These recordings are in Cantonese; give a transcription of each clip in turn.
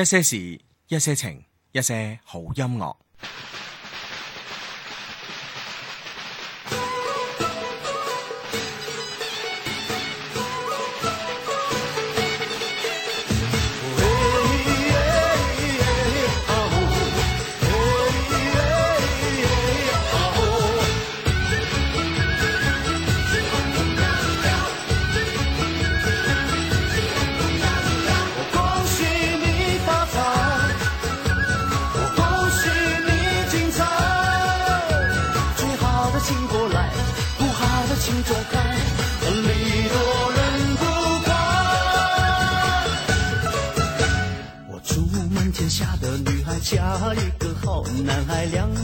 一些事，一些情，一些好音樂。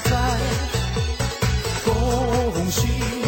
在恭喜！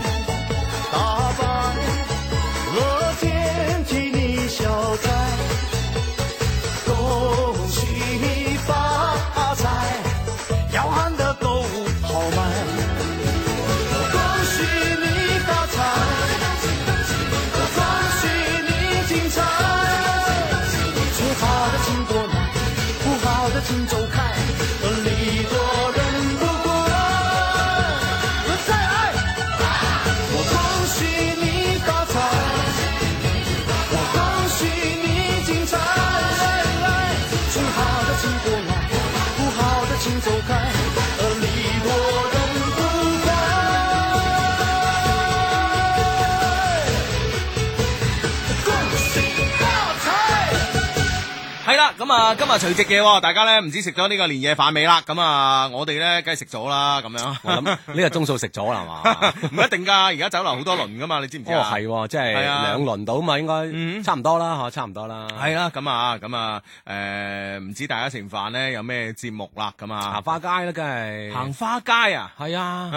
今日除夕嘅，大家咧唔知食咗呢個年夜飯未啦？咁啊，我哋咧梗係食咗啦，咁樣。我諗呢個鐘數食咗啦，係嘛？唔一定噶，而家酒樓好多輪噶嘛，你知唔知係，即係兩輪到嘛，應該差唔多啦，吓，差唔多啦。係啦，咁啊，咁啊，誒，唔知大家食完飯咧有咩節目啦？咁啊，行花街啦，梗係行花街啊，係啊，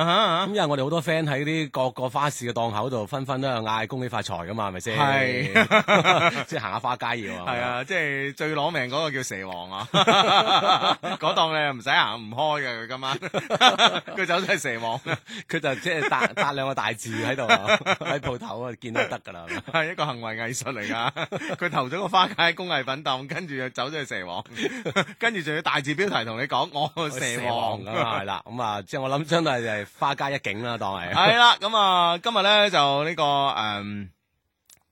咁因為我哋好多 friend 喺啲各個花市嘅檔口度紛紛都係嗌恭喜發財噶嘛，係咪先？係，即係行下花街要啊。係啊，即係最攞命嗰。個叫蛇王啊！嗰 檔你又唔使行唔開嘅，佢今晚佢走咗去蛇王，啊，佢 就即係搭搭兩個大字喺度喺鋪頭啊，見都得噶啦，係 一個行為藝術嚟噶。佢 投咗個花街工藝品檔，跟住就走咗去蛇王，跟住仲要大字標題同你講，我蛇王咁係啦。咁 啊，即係我諗，真係花街一景啦，當係。係 啦，咁啊、嗯，今日咧就呢、這個誒。嗯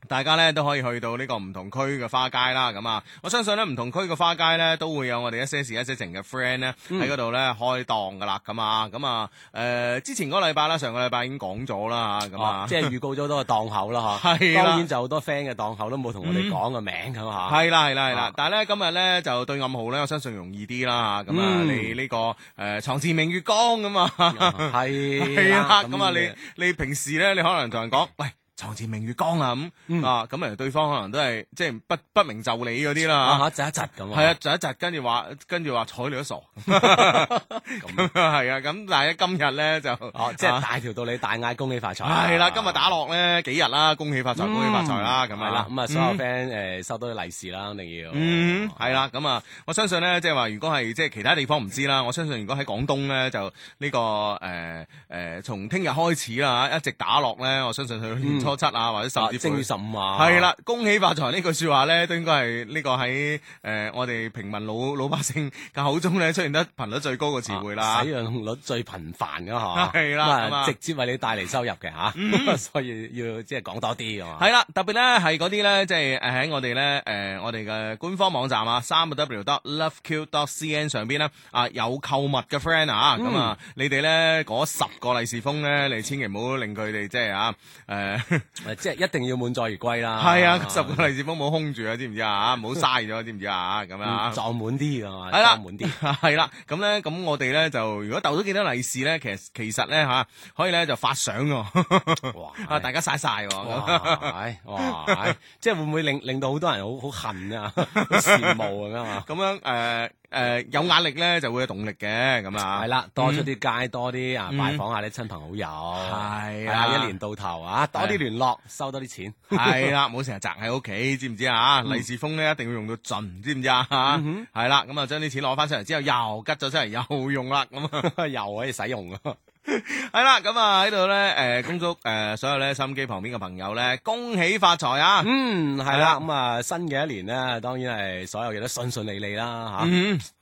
大家咧都可以去到呢個唔同區嘅花街啦，咁啊，我相信咧唔同區嘅花街咧都會有我哋一些事一些情嘅 friend 咧喺嗰度咧開檔噶啦，咁啊，咁、呃、啊，誒之前嗰個禮拜啦，上個禮拜已經講咗、啊哦就是、 啦，咁啊，即係預告咗好多檔口啦，嗬，係當然就好多 friend 嘅檔口都冇同我哋講個名咁嚇，係啦係啦係啦，啦啦但係咧今日咧就對暗號咧，我相信容易啲啦，咁啊，嗯、你呢、這個誒床前明月光咁啊，係，係啊，咁啊，你你平時咧你可能同人講，喂。堂前明月光啊，咁啊咁，誒對方可能都係即係不不明就理嗰啲啦嚇，窒一窒咁啊，係啊窒一窒，跟住話跟住話睬你都傻咁，係啊咁，但係今日咧就即係大條道理，大嗌恭喜發財，係啦，今日打落咧幾日啦，恭喜發財，恭喜發財啦，咁係啦，咁啊所有 friend 誒收到啲利是啦，一定要嗯係啦，咁啊我相信咧，即係話如果係即係其他地方唔知啦，我相信如果喺廣東咧就呢個誒誒從聽日開始啦，一直打落咧，我相信佢七啊，或者十五，正月十五啊，係啦、啊，恭喜發財呢句說話咧，都應該係呢個喺誒、呃、我哋平民老老百姓嘅口中咧出現得頻率最高嘅詞彙啦，使用率最頻繁嘅吓，係啦了，麼直接為你帶嚟收入嘅吓、啊，嗯、所以要即係講多啲啊，係啦，特別咧係嗰啲咧即係誒喺我哋咧誒我哋嘅官方網站啊，www.loveq.cn 上邊咧啊有購物嘅 friend 啊，咁、嗯、啊你哋咧嗰十個利是封咧，你千祈唔好令佢哋即係啊誒。呃 誒，即係一定要滿載而歸啦！係啊，十個利是封冇空住啊，知唔知啊？吓，唔好嘥咗，知唔知啊？咁樣撞滿啲啊嘛，係啦，撞滿啲，係啦。咁咧，咁我哋咧就如果逗咗幾多利是咧，其實其實咧吓，可以咧就發相喎。啊，大家晒晒喎。哇！唉，即係會唔會令令到好多人好好恨啊？好羨慕咁樣啊？咁樣誒。誒、呃、有壓力咧就會有動力嘅咁啊，係啦，多咗啲街，多啲啊，嗯、拜訪下啲親朋好友，係啊，啊，一年到頭啊，多啲聯絡，啊、收多啲錢，係啦了，唔好成日宅喺屋企，知唔知啊？利是封咧一定要用到盡，知唔知啊？嚇、嗯哼，係啦，咁啊，將啲錢攞翻出嚟之後，又吉咗出嚟，又用啦，咁啊，又可以使用咯。係啦，咁 啊喺度咧，誒，恭、呃、祝誒、呃、所有咧收音機旁邊嘅朋友咧，恭喜發財啊！嗯，係啦，咁啊、嗯、新嘅一年咧，當然係所有嘢都順順利利啦，吓，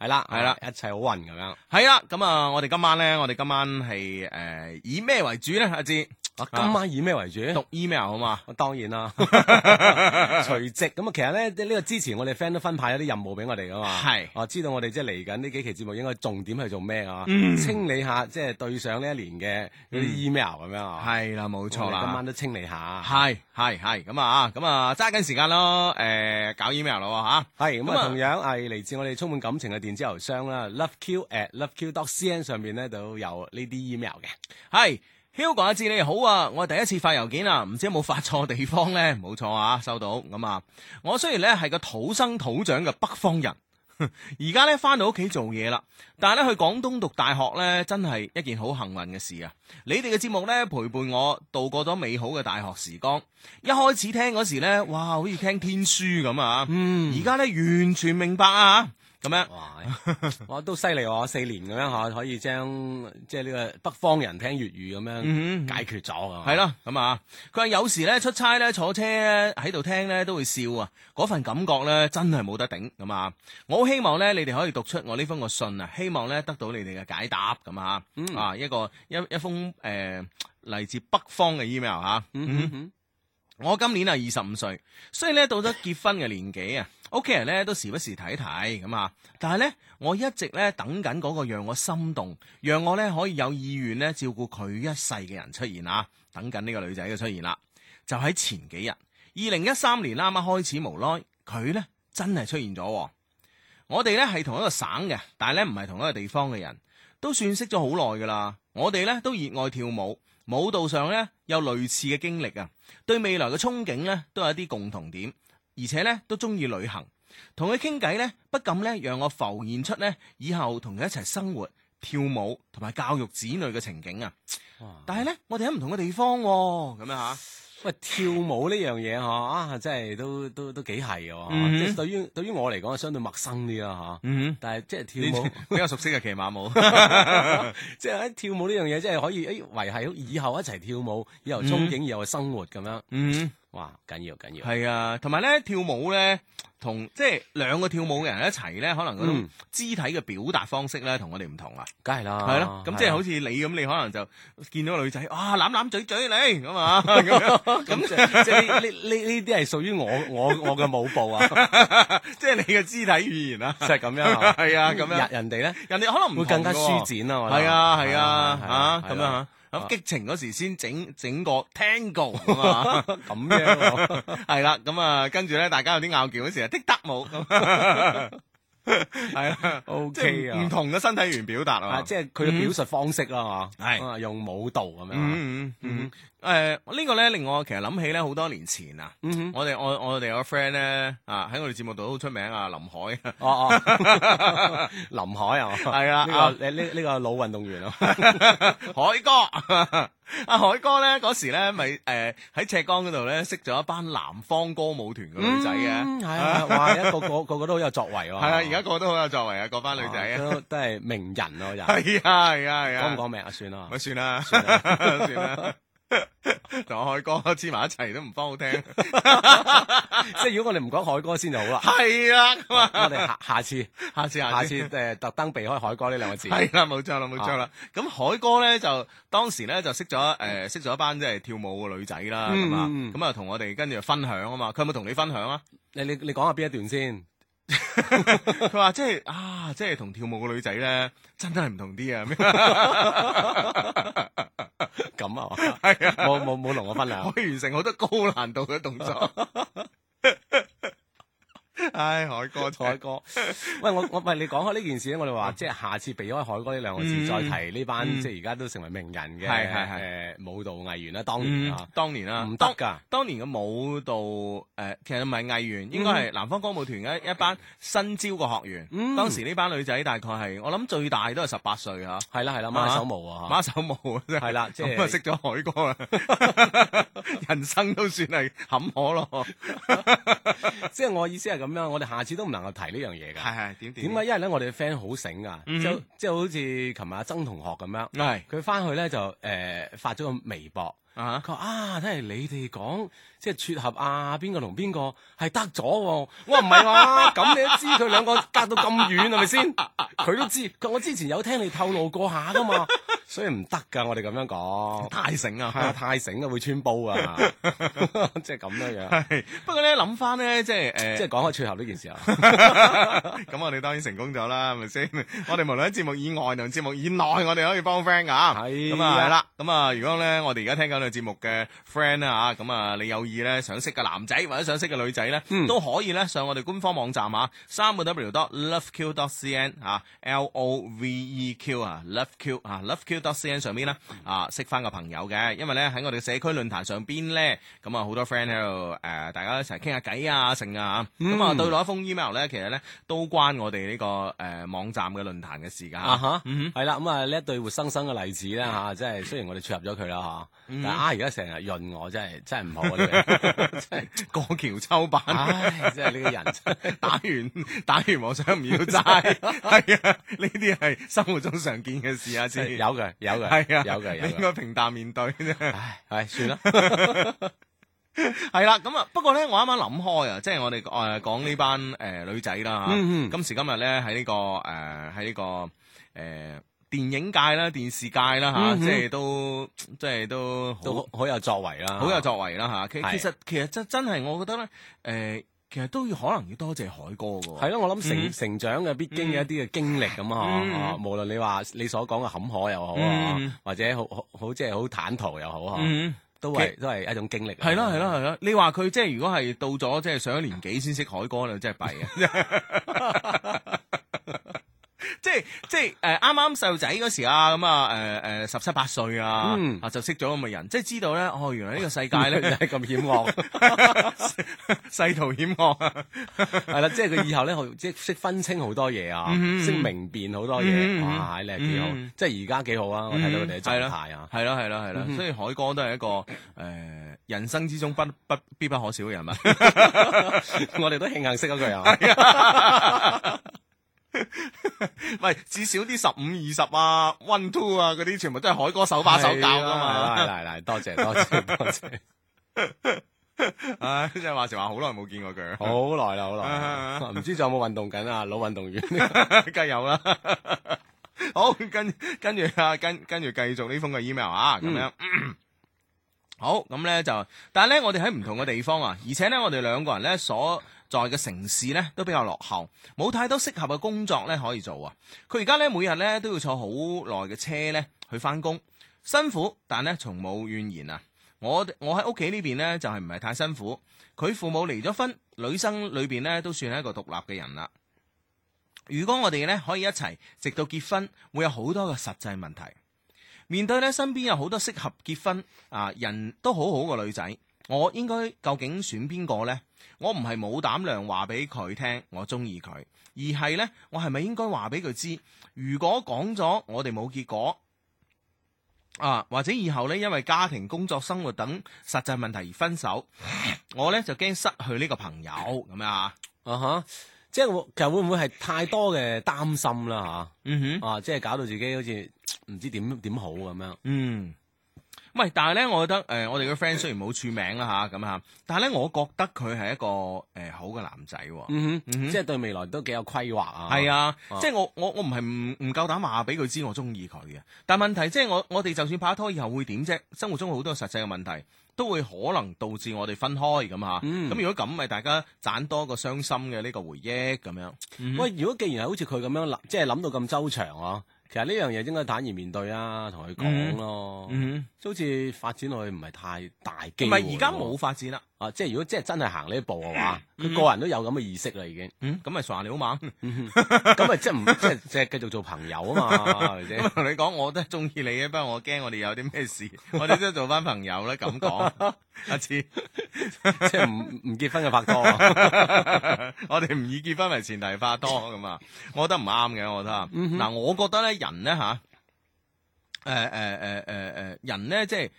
係啦，係啦，一切好運咁樣。係啦，咁啊，我哋今晚咧，我哋今晚係誒、呃、以咩為主咧？阿志。今晚以咩為主？讀 email 好嘛？當然啦， 隨即咁啊！其實咧，呢個之前我哋 friend 都分派咗啲任務俾我哋噶嘛。係是、啊，知道我哋即係嚟緊呢幾期節目應該重點係做咩啊？嗯、清理下即係對上呢一年嘅嗰啲 email 咁樣啊、嗯。係啦，冇錯啦，今晚都清理下。係系系，咁啊咁啊揸緊時間咯，誒，搞 email 咯吓。係、嗯、咁、嗯、啊、嗯，同樣係嚟自我哋充滿感情嘅電子郵箱啦，loveq at loveq dot cn 上邊咧都有呢啲 email 嘅。係。Hugo 阿志你好啊，我第一次發郵件啊，唔知有冇發錯地方呢？冇錯啊，收到咁啊。我雖然呢係個土生土長嘅北方人，而家呢翻到屋企做嘢啦，但係呢去廣東讀大學呢，真係一件好幸運嘅事啊！你哋嘅節目呢，陪伴我度過咗美好嘅大學時光。一開始聽嗰時呢，哇，好似聽天書咁啊！而家呢，完全明白啊！咁樣，我哇 都犀利喎，四年咁樣吓，可以將即係呢個北方人聽粵語咁樣嗯嗯嗯解決咗啊！係咯，咁啊，佢話有時咧出差咧坐車咧喺度聽咧都會笑啊，嗰份感覺咧真係冇得頂咁啊！我好希望咧你哋可以讀出我呢封個信啊，希望咧得到你哋嘅解答咁、嗯嗯、啊，啊一個一一封誒嚟，呃、自北方嘅 email 吓、啊。嗯嗯嗯我今年啊二十五歲，雖然咧到咗結婚嘅年紀啊，屋企人咧都時不時睇睇咁啊，但係咧我一直咧等緊嗰個讓我心動，讓我咧可以有意願咧照顧佢一世嘅人出現啊，等緊呢個女仔嘅出現啦。就喺前幾日，二零一三年啱啱開始，無耐佢咧真係出現咗。我哋咧係同一個省嘅，但係咧唔係同一個地方嘅人，都算識咗好耐噶啦。我哋咧都熱愛跳舞。舞蹈上咧有類似嘅經歷啊，對未來嘅憧憬咧都有一啲共同點，而且咧都中意旅行，同佢傾偈咧不禁咧讓我浮現出咧以後同佢一齊生活、跳舞同埋教育子女嘅情景啊！哇但係咧，我哋喺唔同嘅地方喎、啊，咁樣嚇、啊。喂，跳舞呢樣嘢嗬啊，真係都都都幾係嘅、啊 mm hmm.。即係對於對於我嚟講，相對陌生啲咯吓。啊 mm hmm. 但係即係跳舞 比較熟悉嘅騎馬舞。 即係喺跳舞呢樣嘢，即係可以誒維係好以後一齊跳舞，以後憧憬以後嘅生活咁樣。Mm hmm. 哇，緊要緊要，係啊，同埋咧跳舞咧，同即係兩個跳舞嘅人一齊咧，可能嗰種肢體嘅表達方式咧，同我哋唔同啊，梗係啦，係咯，咁即係好似你咁，你可能就見到個女仔，啊，攬攬嘴嘴你咁啊，咁即係呢呢呢啲係屬於我我我嘅舞步啊，即係你嘅肢體語言啊，就係咁樣，係啊，咁樣人哋咧，人哋可能會更加舒展啊，係啊，係啊，啊，咁樣吓。咁激情嗰時先整整個 tango 啊，咁樣？係啦，咁啊，跟住咧，大家有啲拗撬嗰時啊，的得舞。 係啊 OK 啊，唔同嘅身體語言表達啊，即係佢嘅表述方式啦，係用舞蹈咁樣。誒，呢個咧令我其實諗起咧好多年前啊，我哋我我哋個 friend 咧啊喺我哋節目度都好出名啊林海。哦哦，林海啊，係啊，呢個呢呢個老運動員啊，海哥，阿海哥咧嗰時咧咪誒喺赤崗嗰度咧識咗一班南方歌舞團嘅女仔嘅，係啊，哇，一個個個個都好有作為喎，係啊而家。一個都好有作為啊！嗰班女仔都都係名人咯，又係啊係啊係啊，講唔講名啊？算啦，咪算啦，算啦，同海哥黐埋一齊都唔幫好聽。即係如果我哋唔講海哥先就好啦。係啊，我哋下下次下次下次誒，特登避開海哥呢兩個字。係啦，冇錯啦，冇錯啦。咁海哥咧就當時咧就識咗誒，識咗一班即係跳舞嘅女仔啦。咁啊，咁啊，同我哋跟住分享啊嘛。佢有冇同你分享啊？你你你講下邊一段先。佢話 即係啊，即係同跳舞嘅女仔咧，真真係唔同啲啊！ 咩咁啊？係啊，冇冇冇同我分量，可以 完成好多高難度嘅動作。 唉，海哥，彩哥，喂，我我喂，你講開呢件事咧，我哋話即係下次避開海哥呢兩個字，再提呢班即係而家都成為名人嘅係係係舞蹈藝員啦，當然啊，當年啦，唔得噶，當年嘅舞蹈誒，其實唔係藝員，應該係南方歌舞團嘅一班新招嘅學員。當時呢班女仔大概係我諗最大都係十八歲啊，係啦係啦，馬手毛啊，馬手毛啊，即係係啦，咁啊識咗海哥，啊，人生都算係坎坷咯。即係我意思係咁樣。啊！我哋下次都唔能夠提呢樣嘢㗎。係係點點解？因為咧，我哋嘅 friend 好醒㗎，就即係好似琴日阿曾同學咁樣。係佢翻去咧就誒、呃、發咗個微博，uh huh. 啊，佢話啊，真係你哋講。即係撮合啊！邊個同邊個係得咗喎、啊？我唔係喎，咁、啊、你都知佢兩個隔到咁遠係咪先？佢都知，我之前有聽你透露過下噶嘛，所以唔得噶。我哋咁樣講太醒啊，係啊，太醒啊，會穿煲啊， 即係咁樣樣。不過咧諗翻咧，即係誒，呃、即係講開撮合呢件事啊。咁 我哋當然成功咗啦，係咪先？ 我哋無論喺節目以外定節目以內，我哋可以幫 friend 噶嚇。係咁啊，係、啊啊、啦。咁啊，如果咧我哋而家聽緊呢個節目嘅 friend 咧嚇，咁啊你有。而咧想識嘅男仔或者想識嘅女仔咧，嗯、都可以咧上我哋官方網站啊，三個 W dot loveq dot cn 啊，L O V E Q 啊，loveq 啊，loveq dot cn 上邊啦，啊識翻個朋友嘅，因為咧喺我哋社區論壇上邊咧，咁啊好多 friend 喺度誒，大家一齊傾下偈啊，剩啊、嗯，咁啊、嗯嗯、對落一封 email 咧，其實咧都關我哋呢個誒網站嘅論壇嘅事㗎嚇，嗯，係啦，咁啊呢一對活生生嘅例子咧嚇，即係、嗯、雖然我哋撮合咗佢啦嚇，嗯、但啊而家成日潤我，真係真係唔好、啊 真係 過橋抽板，唉！真係呢個人打完打完，和尚唔要齋，係啊！ 呢啲係生活中常見嘅事啊，先有嘅有嘅係啊，有嘅有嘅，應該平淡面對。 唉，算啦， 係啦。咁啊，不過咧，我啱啱諗開啊，即係我哋誒講呢班誒、呃、女仔啦、嗯、今時今日咧喺呢、這個誒喺呢個誒。呃電影界啦，電視界啦嚇，即係都即係都都好有作為啦，好有作為啦嚇。其其實其實真真係，我覺得咧，誒其實都要可能要多謝海哥㗎喎。係咯，我諗成成長嘅必經嘅一啲嘅經歷咁啊，無論你話你所講嘅坎坷又好啊，或者好好即係好坦途又好啊，都係都係一種經歷。係咯係咯係咯，你話佢即係如果係到咗即係上咗年紀先識海哥咧，真係弊啊！即係即係誒，啱啱細路仔嗰時啊，咁啊誒誒，十七八歲啊，啊就識咗咁嘅人，即係知道咧，哦，原來呢個世界咧就係咁險惡，世途險惡係啦，即係佢以後咧，即係識分清好多嘢啊，識明辨好多嘢哇，係你係幾好，即係而家幾好啊，我睇到佢哋狀態啊，係啦係啦係啦，所以海哥都係一個誒人生之中不不必不可少嘅人物，我哋都慶幸識咗佢啊。喂， 至少啲十五二十啊，one two 啊，嗰啲，啊、全部都係海哥手把手教噶嘛。嚟嚟嚟，多謝多謝多謝。唉，即係、 啊、話時話好耐冇見過佢， 好耐啦，好耐，唔知仲有冇運動緊啊，老運動員梗有啦。好，跟跟住啊，跟跟住繼續呢封嘅 email 啊，咁樣。好，咁咧就，但係咧，我哋喺唔同嘅地方啊，而且咧，我哋兩個人咧所。所在嘅城市呢都比較落後，冇太多適合嘅工作呢可以做啊！佢而家呢每日呢都要坐好耐嘅車呢去返工，辛苦但呢從冇怨言啊！我我喺屋企呢邊呢就係唔係太辛苦。佢父母離咗婚，女生裏面呢都算係一個獨立嘅人啦。如果我哋呢可以一齊直到結婚，會有好多嘅實際問題面對呢，身邊有好多適合結婚啊人都好好嘅女仔。我應該究竟選邊個呢？我唔係冇膽量話俾佢聽我中意佢，而係呢，我係咪應該話俾佢知？如果講咗我哋冇結果啊，或者以後呢，因為家庭、工作、生活等實際問題而分手，我呢就驚失去呢個朋友咁樣啊！啊哈、uh，huh。即係其實會唔會係太多嘅擔心啦？吓，嗯哼，啊，mm hmm。啊，即係搞到自己好似唔知點點好咁樣，嗯。唔係，但係咧，我覺得誒、呃，我哋嘅 friend 雖然冇署名啦吓，咁吓，但係咧，我覺得佢係一個誒、呃、好嘅男仔，嗯，哼嗯哼即係對未來都幾有規劃啊。係啊，嗯、即係我我我唔係唔唔夠膽話俾佢知我中意佢嘅。但係問題即係我我哋就算拍拖以後會點啫？生活中好多實際嘅問題都會可能導致我哋分開咁吓。咁、嗯、如果咁，咪大家賺多一個傷心嘅呢個回憶咁樣。嗯、哼喂，如果既然係好似佢咁樣即係諗到咁周詳啊。其實呢樣嘢應該坦然面對啊，同佢講咯，就、mm hmm. mm hmm. 好似發展落去唔係太大機會。唔係而家冇發展啦。啊，即係如果即係真係行呢一步嘅話，佢、嗯、個人都有咁嘅意識啦，已經。咁咪、嗯、傻你好嘛？咁咪、 嗯、即係唔即係繼續做朋友啊嘛？係咪先？同你講，我都係中意你嘅，不過我驚我哋有啲咩事，我哋都做翻朋友啦。咁講，阿志，即係唔唔結婚就拍拖，我哋唔以結婚為前提拍拖咁啊，我覺得唔啱嘅，我覺得。嗱、嗯哼，我覺得咧，人咧吓，誒誒誒誒誒，人咧即係。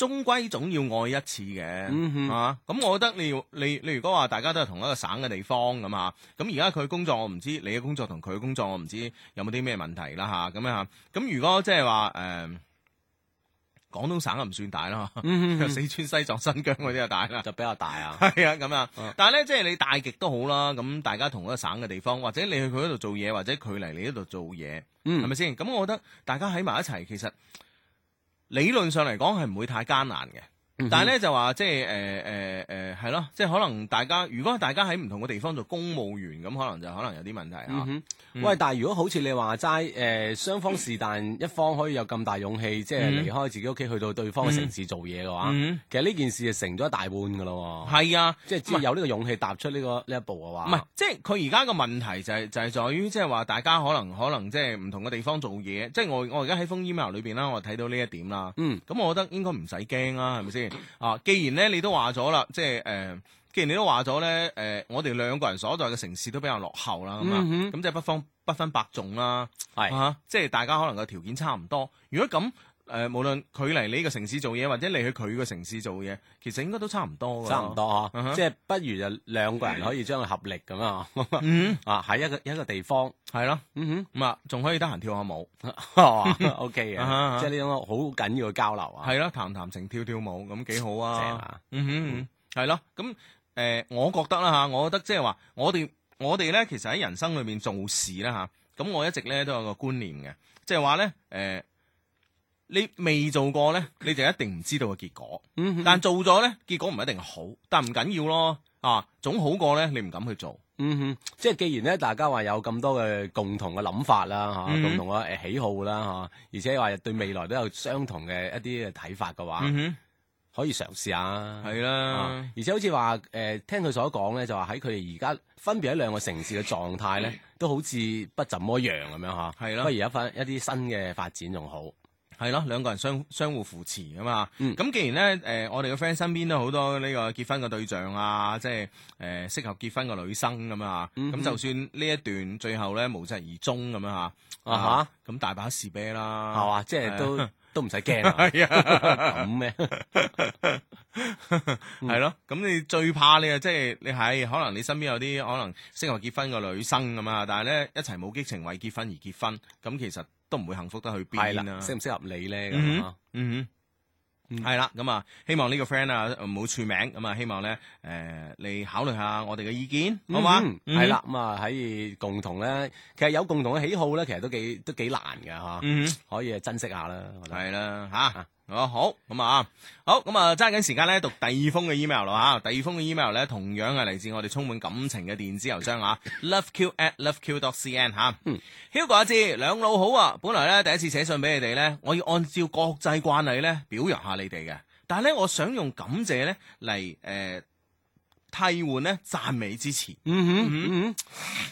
終歸總要愛一次嘅，嗯、哼啊！咁我覺得你你你如果話大家都係同一個省嘅地方咁啊，咁而家佢工作我唔知，你嘅工作同佢嘅工作我唔知有冇啲咩問題啦嚇，咁啊，咁如果即係話誒，廣東省啊唔算大啦，嗯、哼 四川、西藏、新疆嗰啲啊大啦，就比較大啊，係啊咁啊，但係咧、嗯、即係你大極都好啦，咁大家同一個省嘅地方，或者你去佢嗰度做嘢，或者佢嚟你嗰度做嘢，係咪先？咁 我覺得大家喺埋一齊其實。理論上嚟講，係唔會太艱難嘅。嗯、但係咧就話即係誒誒誒係咯，即係，呃呃呃、可能大家如果大家喺唔同嘅地方做公務員咁，可能就可能有啲問題啊，嗯嗯、喂，但係如果好似你話齋誒雙方是但、嗯、一方可以有咁大勇氣即係離開自己屋企去到對方嘅城市做嘢嘅話，嗯嗯、其實呢件事就成咗一大半噶咯。係啊，啊即係只有呢個勇氣踏出呢、這個呢一步嘅話，唔係，嗯，即係佢而家個問題就係，是、就係，是、在於即係話大家可能可能即係唔同嘅地方做嘢，即係我我而家喺封 email 裏邊啦，我睇到呢一點啦。嗯，咁我覺得應該唔使驚啦，係咪先？啊，既然咧你都話咗啦，即係誒、呃，既然你都話咗咧，誒、呃，我哋兩個人所在嘅城市都比較落後啦，咁啊，咁即係北方不分伯仲啦，係嚇，即係大家可能個條件差唔多，如果咁。誒、呃，無論佢嚟你個城市做嘢，或者你去佢個城市做嘢，其實應該都差唔多嘅。差唔多嗬、啊，uh huh. 即係不如就兩個人可以將佢合力咁啊，啊喺、 uh huh. 一個一個地方係咯，咁啊仲可以得閒跳下舞，OK 嘅，即係呢種好緊要嘅交流啊。係咯， 談談情，跳跳舞，咁幾好啊。正嘛，嗯哼，係咯。咁誒、呃，我覺得啦吓，我覺得即係話，我哋我哋咧，其實喺人生裏面做事啦。吓、啊，咁我一直咧都有個觀念嘅，即係話咧誒。就是你未做過呢，你就一定唔知道個結果。嗯、哼但做咗呢，結果唔一定好，但唔緊要咯。啊，總好過呢，你唔敢去做。嗯、即係既然咧，大家話有咁多嘅共同嘅諗法啦，嚇、啊，嗯、哼共同嘅喜好啦，嚇、啊，而且話對未來都有相同嘅一啲嘅睇法嘅話，嗯、哼可以嘗試下。係啦的、啊，而且好似話誒，聽佢所講呢，就話喺佢哋而家分別喺兩個城市嘅狀態呢，都好似不怎麼樣咁樣嚇。係、啊、咯，的不如而家發一啲新嘅發展仲好。係咯，兩個人相相互扶持噶嘛。咁既然咧，誒，我哋嘅 friend 身邊都好多呢個結婚嘅對象啊，即係誒適合結婚嘅女生咁啊。咁就算呢一段最後咧無疾而終咁樣吓，啊吓、uh，咁、huh. 大把事啤啦，係哇，即係都的都唔使驚啊。係啊，咁咩？ 係 咯， 咁 你最怕、就是、你啊，即係你係可能你身邊有啲可能適合結婚嘅女生咁啊，但係咧一齊冇激情為結婚而結婚，咁其實。都唔會幸福得去邊啊？適唔適合你咧咁啊？嗯，係啦，咁啊，希望呢個 friend 啊唔好署名，咁啊，希望咧誒，你考慮下我哋嘅意見，好唔好啊？係啦，咁啊，可以共同咧，其實有共同嘅喜好咧，其實都幾都幾難嘅嚇，可以珍惜下啦，係啦，嚇。好，咁啊、哦，好，咁、嗯、啊，揸緊時間咧，讀第二封嘅 email 咯吓，第二封嘅 email 咧，同樣係嚟自我哋充滿感情嘅電子郵箱吓 ，loveq@loveq.cn 吓，Hugo 阿、嗯、志，兩老好啊，本來咧第一次寫信俾你哋咧，我要按照國際慣例咧表揚下你哋嘅，但係咧我想用感謝咧嚟誒替換咧讚美之詞，嗯嗯嗯嗯，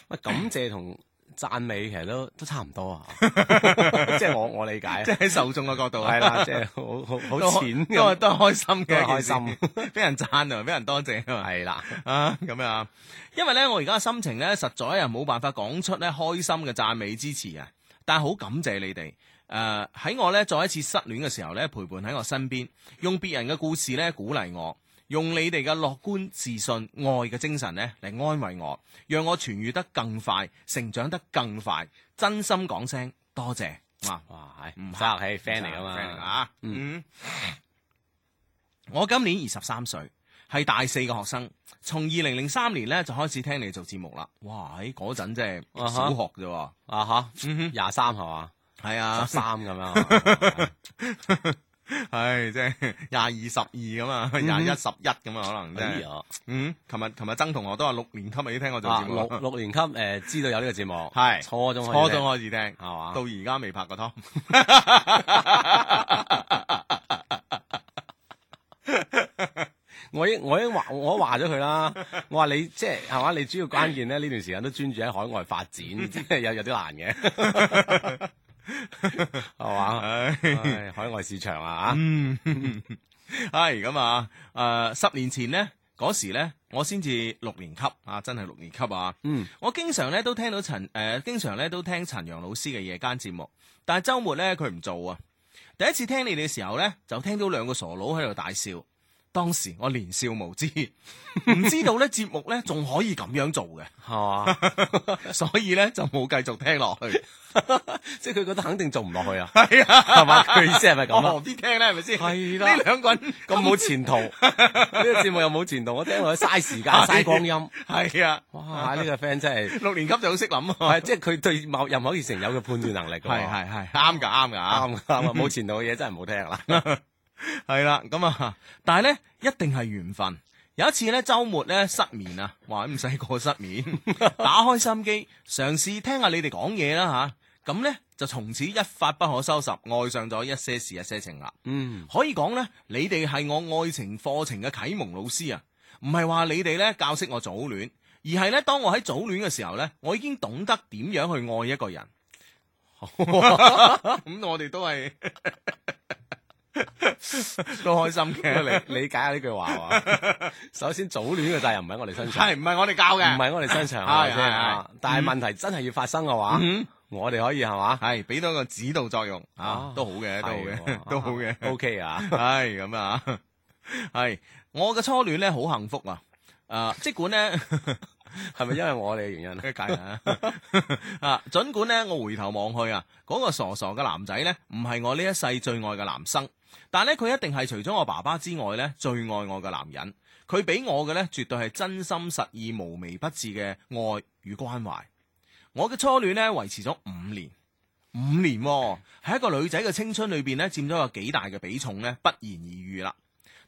喂，感謝同。讚美其實都都差唔多啊， 即係我我理解即， 即係喺受眾嘅角度係啦，即係好好好淺，因為都係開心嘅開心，俾人讚啊，俾人多謝啊，係啦啊咁啊，因為咧，我而家嘅心情咧，實在係冇辦法講出咧開心嘅讚美之詞啊，但係好感謝你哋誒喺我咧再一次失戀嘅時候咧，陪伴喺我身邊，用別人嘅故事咧鼓勵我。用你哋嘅樂觀、自信、愛嘅精神呢，嚟安慰我，讓我痊癒得更快，成長得更快。真心講聲多謝。哇哇，唔客氣 friend 嚟啊嘛，嘛啊，嗯。 我今年二十三歲，係大四嘅學生。從二零零三年呢，就開始聽你做節目啦。哇，喺嗰陣即係小學啫，啊哈、uh，廿三係嘛？係、huh. uh huh. 啊，廿三咁樣。係即係廿二十二咁啊，廿一十一咁啊，可能、嗯、即係嗯，琴日琴日曾同學都話、啊、六,六年級咪啲聽我做節目，六六年級誒，知道有呢個節目係是初中初中開始聽係嘛，吧到而家未拍過拖 我已我已經話我話咗佢啦，我話你即係係嘛，就是、你主要關鍵咧、哎、呀 呢段時間都專注喺海外發展，即係、嗯、有有啲難嘅。 係嘛？ 海外市場啊，吓，係咁啊，誒、呃，十年前呢，嗰時呢，我先至六、啊、六年級啊，真係六年級啊，嗯，我經常呢都聽到陳，誒、呃，經常呢都聽陳揚老師嘅夜間節目，但係周末呢，佢唔做啊。第一次聽你哋嘅時候呢，就聽到兩個傻佬喺度大笑。當時我年少無知，唔知道咧節目咧仲可以咁樣做嘅，係嘛？所以咧就冇繼續聽落去，即係佢覺得肯定做唔落去啊，係啊，係嘛？佢意思係咪咁啊？何必聽咧？係咪先？係啦，呢兩個人咁冇前途，呢個節目又冇前途，我聽落去嘥時間嘥光陰，係啊！哇，呢個 friend 真係六年級就好識諗啊！即係佢對某任何一成有嘅判斷能力，係係係，啱噶啱噶，啱啱，冇前途嘅嘢真係冇聽啦。係啦，咁啊，但係呢，一定係緣分。有一次呢，周末呢，失眠啊，哇，唔使過失眠， 打開心機，嘗試聽下你哋講嘢啦吓。咁呢，就從此一發不可收拾，愛上咗一些事、一些情啦。嗯，可以講呢，你哋係我愛情課程嘅啟蒙老師啊，唔係話你哋呢，教識我早戀，而係呢，當我喺早戀嘅時候呢，我已經懂得點樣去愛一個人。咁 我哋都係。 都開心嘅，你理解下呢句話喎。首先，早戀嘅責任唔喺我哋身上，係唔係我哋教嘅，唔係我哋身上啊。但係問題真係要發生嘅話，我哋可以係嘛？係俾到個指導作用啊，都好嘅，都好嘅，都好嘅。OK 啊，係咁啊，係我嘅初戀咧，好幸福啊。誒，盡管咧，係咪因為我哋嘅原因咧？梗係啊，啊，盡管咧，我回頭望去啊，嗰個傻傻嘅男仔咧，唔係我呢一世最愛嘅男生。但咧，佢一定係除咗我爸爸之外咧，最愛我嘅男人。佢俾我嘅咧，絕對係真心實意、無微不至嘅愛與關懷。我嘅初戀咧維持咗五年，五年喎，哦，喺一個女仔嘅青春裏邊咧，佔咗有幾大嘅比重咧，不言而喻啦。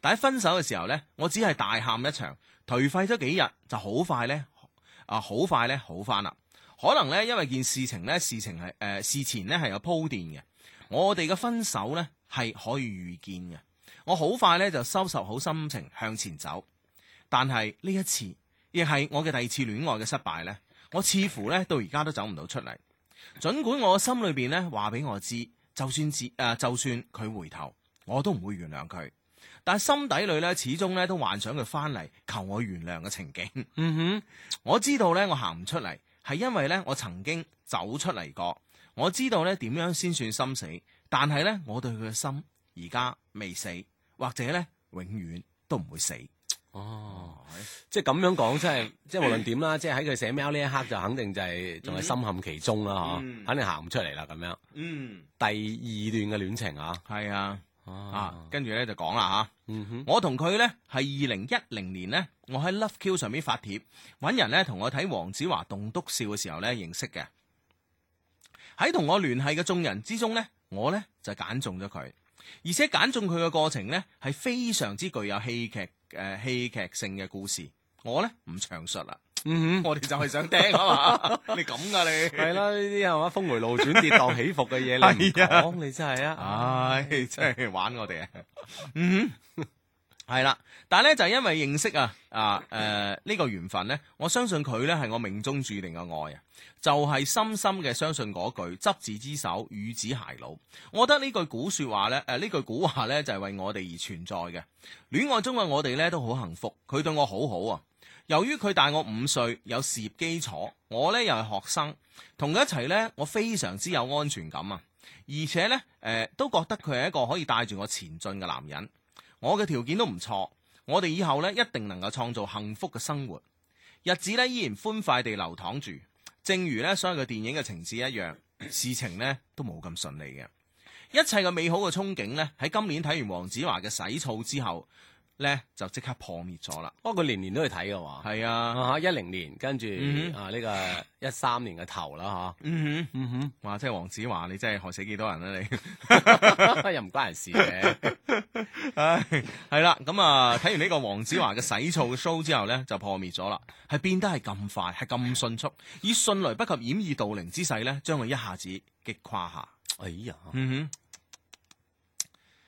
但喺分手嘅時候咧，我只係大喊一場，頹廢咗幾日，就好快咧啊，好快咧好翻啦。可能咧，因為件事情咧，事情係誒、呃、事前咧係有鋪墊嘅。我哋嘅分手咧。係可以預見嘅，我好快咧就收拾好心情向前走。但係呢一次亦係我嘅第二次戀愛嘅失敗呢，我似乎呢，到而家都走唔到出嚟。儘管我嘅心裏邊呢話俾我知，就算自誒、呃，就算佢回頭，我都唔會原諒佢。但心底裏呢，始終呢都幻想佢翻嚟求我原諒嘅情景。嗯哼、mm-hmm. 我知道呢，我行唔出嚟係因為呢，我曾經走出嚟過。我知道呢點樣先算心死。但係咧，我對佢嘅心而家未死，或者咧永遠都唔會死。哦，啊、即係咁樣講，嗯、即係即係無論點啦，嗯、即係喺佢寫 mail 呢一刻就肯定就係仲係深陷其中啦，嗬、啊，嗯、肯定行唔出嚟啦咁樣。嗯，第二段嘅戀情啊，係啊，啊，啊，啊，跟住咧就講啦嚇。嗯哼，我同佢咧係二零一零年咧，我喺 Love Q 上面發帖揾人咧同我睇黃子華棟篤笑嘅時候咧認識嘅。喺同我聯繫嘅眾人之中咧，我咧就揀中咗佢，而且揀中佢嘅過程咧係非常之具有戲劇誒、戲劇性嘅故事。我咧唔詳述啦，嗯哼，我哋就係想聽啊嘛，你咁噶你？係啦，呢啲係嘛，峰回路轉、跌宕起伏嘅嘢嚟。講你真係啊，唉，真係玩我哋啊，嗯哼。係啦，但係咧就係、是、因為認識啊啊誒呢個緣分呢，我相信佢呢係我命中注定嘅愛啊，就係、是、深深嘅相信嗰句執子之手與子偕老。我覺得呢句古說話咧誒呢、呃、句古話咧就係、是、為我哋而存在嘅。戀愛中嘅我哋呢，都好幸福，佢對我好好啊。由於佢大我五歲，有事業基礎，我呢又係學生，同佢一齊呢，我非常之有安全感啊，而且呢，誒、呃、都覺得佢係一個可以帶住我前進嘅男人。我嘅條件都唔錯，我哋以後咧一定能夠創造幸福嘅生活，日子咧依然歡快地流淌住。正如咧所有嘅電影嘅情節一樣，事情咧都冇咁順利嘅，一切嘅美好嘅憧憬咧喺今年睇完黃子華嘅洗燥之後咧就即刻破滅咗啦！不過佢年年都去睇嘅喎。係啊，一零、啊啊、年跟住、嗯、哼啊呢、這個一三年嘅頭啦，吓、啊。嗯哼，嗯哼，哇！即係黃子華，你真係害死幾多人啊！你又唔 關人事嘅。係 啦、哎，咁啊睇、嗯嗯、完呢個黃子華嘅洗燥 show 之後咧，就破滅咗啦。係變得係咁快，係咁迅速，以迅雷不及掩耳盜鈴之勢咧，將佢一下子擊垮下。哎呀！嗯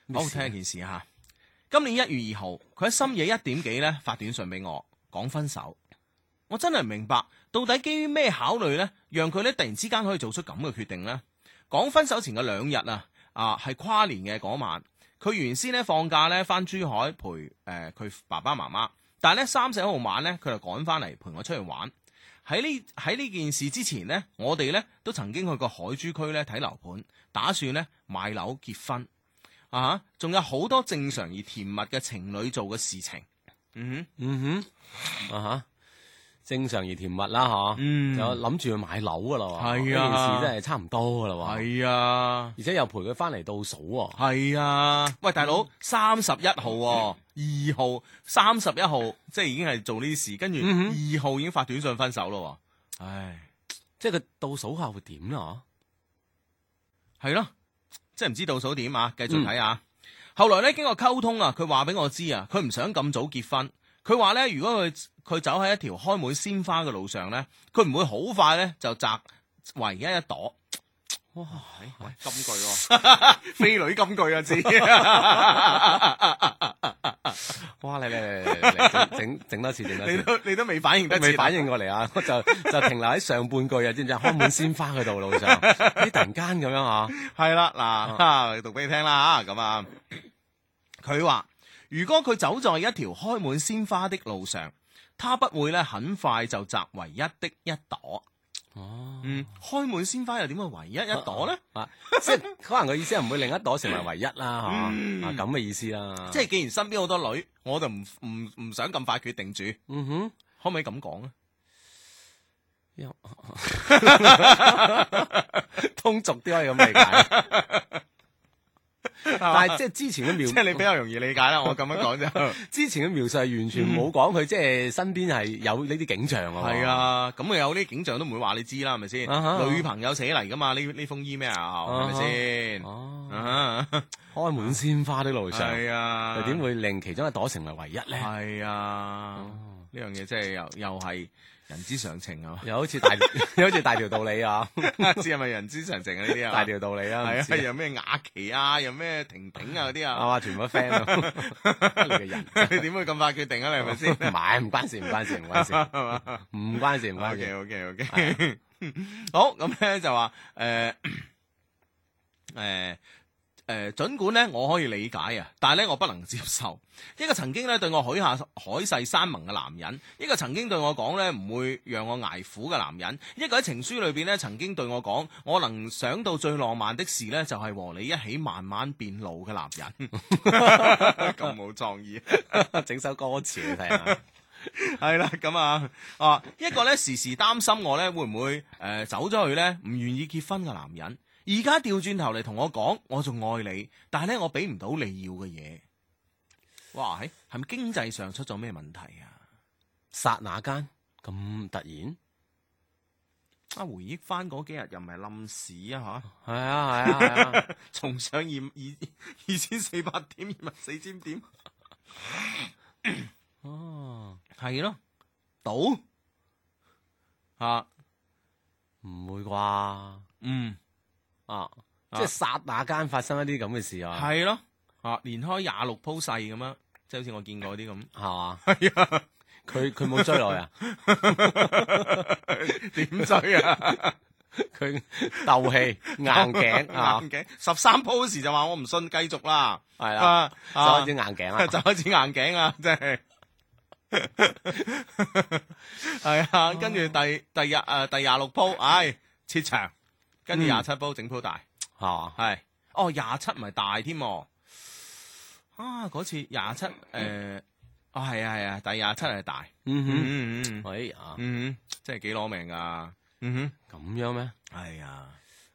哼， 我聽一件事吓。今年一月二號，佢喺深夜一點幾咧發短信俾我，講分手。我真係唔明白，到底基於咩考慮呢，讓佢咧突然之間可以做出咁嘅決定呢？講分手前嘅兩日啊，啊係跨年嘅嗰晚，佢原先咧放假咧翻珠海陪誒佢、呃、爸爸媽媽，但係咧三十一號晚咧佢就趕翻嚟陪我出去玩。喺呢喺呢件事之前呢，我哋咧都曾經去過海珠區咧睇樓盤，打算咧買樓結婚。啊仲、uh huh, 有好多正常而甜蜜嘅情侶做嘅事情。嗯哼、mm，嗯、hmm. 哼、uh，啊哈！正常而甜蜜啦，吓、mm，嗯、hmm.。就諗住去買樓噶啦，係啊。呢件事真係差唔多噶啦，係啊。而且又陪佢翻嚟倒數喎、啊。係啊。喂，大佬，三十一號，二號，三十一號，即係已經係做呢啲事，跟住二號已經發短信分手咯。Mm hmm. 唉，即係佢倒數下會點啦？嗬、啊。係咯。係唔知倒數點啊！繼續睇下。嗯、後來咧經過溝通啊，佢話俾我知啊，佢唔想咁早結婚。佢話咧，如果佢佢走喺一條開滿鮮花嘅路上咧，佢唔會好快咧就摘唯一一朵。哇！喂、哎，金句喎，飛女金句啊，知？ 哇！你咧整整多次，整多次，你都你都未反應得，未反應過嚟啊！ 就就停留喺上半句啊，即係開滿鮮花嘅道路上，你突然間咁樣啊，係啦嗱，吓、啊啊、讀俾你聽啦吓，咁啊，佢話 如果佢走在一條開滿鮮花的路上，他不會咧很快就摘唯一的一朵。哦，嗯， 開滿鮮花又點會唯一一朵咧？啊， 即係可能個意思係唔會另一朵成為唯一啦，係啊，咁嘅意思啦、啊。即係既然身邊好多女，我就唔唔唔想咁快決定住。嗯哼，可 唔可以咁講咧？ 通俗啲可以咁理解。 但係即係之前嘅描，即係 你比較容易理解啦。我咁樣講就，之前嘅描述係完全冇講佢即係身邊係有呢啲景象有有？啊。係啊，咁有啲景象都唔會話你知啦，係咪先？Uh huh. 女朋友寫嚟噶嘛？呢呢封 email 係咪先，uh？哦，huh.，uh huh. 開滿鮮花的路上，係啊，uh，huh. 又點會令其中一朵成為唯一咧？係啊，uh，呢樣嘢即係又又係。人之常情啊，又好似大，又好似大條道理啊，知係咪人之常情啊？呢啲啊，大條道理啊，係啊，有咩雅琪啊，有咩婷婷啊，嗰啲啊，我話全部 friend 啊。你嘅人，你點會咁快決定啊？你係咪先？唔係，唔關事，唔關事，唔關事，係嘛？唔關事，唔關事，OK，OK，好。咁咧就話誒誒。誒，盡、呃、管咧我可以理解啊，但係咧我不能接受。一個曾經咧對我許下海下海誓山盟嘅男人，一個曾經對我講咧唔會讓我捱苦嘅男人，一個喺情書裏邊咧曾經對我講，我能想到最浪漫的事咧就係、是、和你一起慢慢變老嘅男人，咁冇創意，整 首歌詞嚟聽。係 啦， 咁啊，啊一個咧時時擔心我咧會唔會誒、呃、走咗去咧，唔願意結婚嘅男人。而家調轉頭嚟同我講，我仲愛你，但係咧我俾唔到你要嘅嘢。哇，係、欸、係咪經濟上出咗咩問題啊？剎那間咁突然，啊回憶翻嗰幾日又唔係冧市啊吓？係啊係啊，從上二二二千四百點二萬四千點。哦，係咯，賭啊？唔到、啊、會啩？嗯。啊！即係剎那間發生一啲咁嘅事啊！係咯的，啊連開廿六鋪勢咁樣，即係好似我見過啲咁，係嘛？係啊，佢佢冇追來啊？點、哎、追啊？佢鬥氣硬頸啊！十三鋪時就話我唔信，繼續啦！係啦，就開始硬頸啦，就開始硬頸啊！真係係啊，跟住第第日，誒第廿六鋪，唉，撤場。跟住廿七煲整煲大，吓、嗯，係吧，哦廿七唔係大添，啊嗰次廿七、呃，誒、哦，啊係啊係啊，但廿七係大，嗯哼嗯哼，喂啊，嗯哼，真係幾攞命噶，嗯哼、哎，咁樣咩？係啊。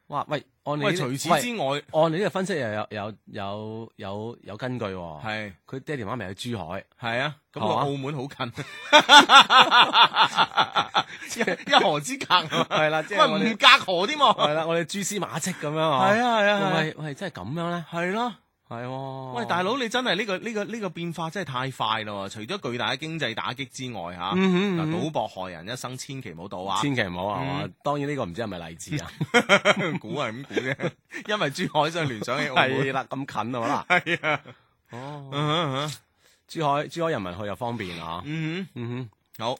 哇喂，按你，除喂此之外，按你呢個分析又有有有有有根據喎。係佢爹哋媽咪喺珠海，係啊，咁，個澳門好近，好啊、 一河 之隔係、啊、啦，即係唔隔河添嘛。係啦，我哋蛛絲馬迹咁樣嗬。係啊係啊，係咪真係咁樣咧？係咯、啊。係喂，大佬，你真係呢個呢個呢個變化真係太快咯！除咗巨大嘅經濟打擊之外，吓賭博害人一生，千祈唔好賭啊！千祈唔好啊！當然呢個唔知係咪例子啊？估係咁估啫，因為珠海就聯想起澳門係啦，咁近係嘛？係啊，哦，珠海珠海人民去又方便啊！好，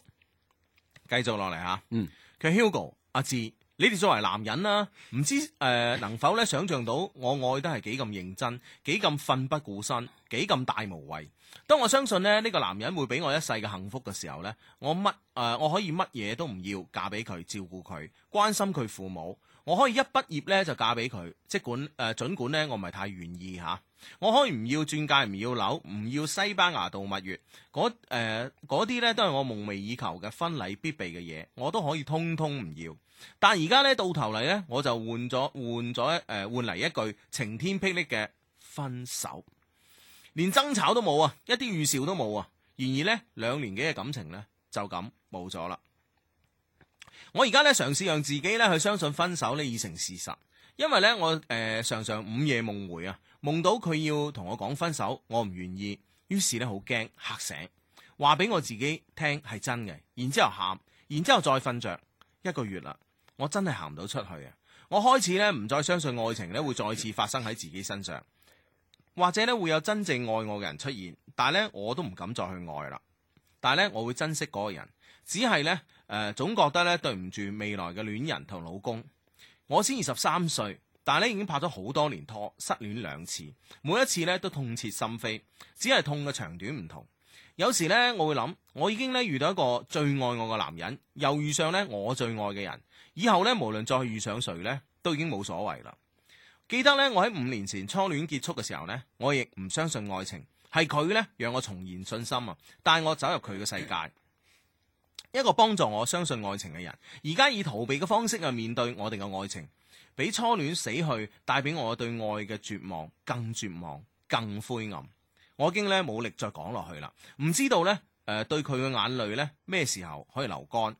繼續落嚟吓！嗯，佢 Hugo 阿志。你哋作為男人啦，唔知誒、呃、能否咧想象到我愛得係幾咁認真，幾咁奮不顧身，幾咁大無畏。當我相信咧呢、這個男人會俾我一世嘅幸福嘅時候咧，我乜誒、呃、我可以乜嘢都唔要，嫁俾佢，照顧佢，關心佢父母。我可以一畢業咧就嫁俾佢，即管誒、呃、儘管咧我唔係太願意吓。我可以唔要鑽戒，唔要樓，唔要西班牙度蜜月。嗰誒啲咧都係我夢寐以求嘅婚禮必備嘅嘢，我都可以通通唔要。但而家咧到頭嚟咧，我就換咗換咗誒，換嚟、呃、一句晴天霹靂嘅分手，連爭吵都冇啊，一啲預兆都冇啊。然而呢，兩年幾嘅感情呢，就咁冇咗啦。我而家咧嘗試讓自己咧去相信分手呢已成事實，因為咧我誒、呃、常常午夜夢回啊，夢到佢要同我講分手，我唔願意，於是咧好驚吓醒，話俾我自己聽係真嘅，然之後喊，然之後再瞓着一個月啦。我真係行唔到出去啊！我開始咧唔再相信愛情咧會再次發生喺自己身上，或者咧會有真正愛我嘅人出現，但係咧我都唔敢再去愛啦。但係咧我會珍惜嗰個人，只係咧誒總覺得咧對唔住未來嘅戀人同老公。我先二十三歲，但係咧已經拍咗好多年拖，失戀兩次，每一次咧都痛徹心扉，只係痛嘅長短唔同。有時咧，我會諗，我已經咧遇到一個最愛我嘅男人，又遇上咧我最愛嘅人，以後咧無論再遇上誰咧，都已經冇所謂啦。記得咧，我喺五年前初戀結束嘅時候咧，我亦唔相信愛情，係佢咧讓我重燃信心啊，帶我走入佢嘅世界，一個幫助我相信愛情嘅人。而家以逃避嘅方式去面對我哋嘅愛情，比初戀死去帶俾我對愛嘅絕望，更絕望，更灰暗。我已經咧冇力再講落去啦，唔知道咧誒、呃、對佢嘅眼淚咧咩時候可以流乾？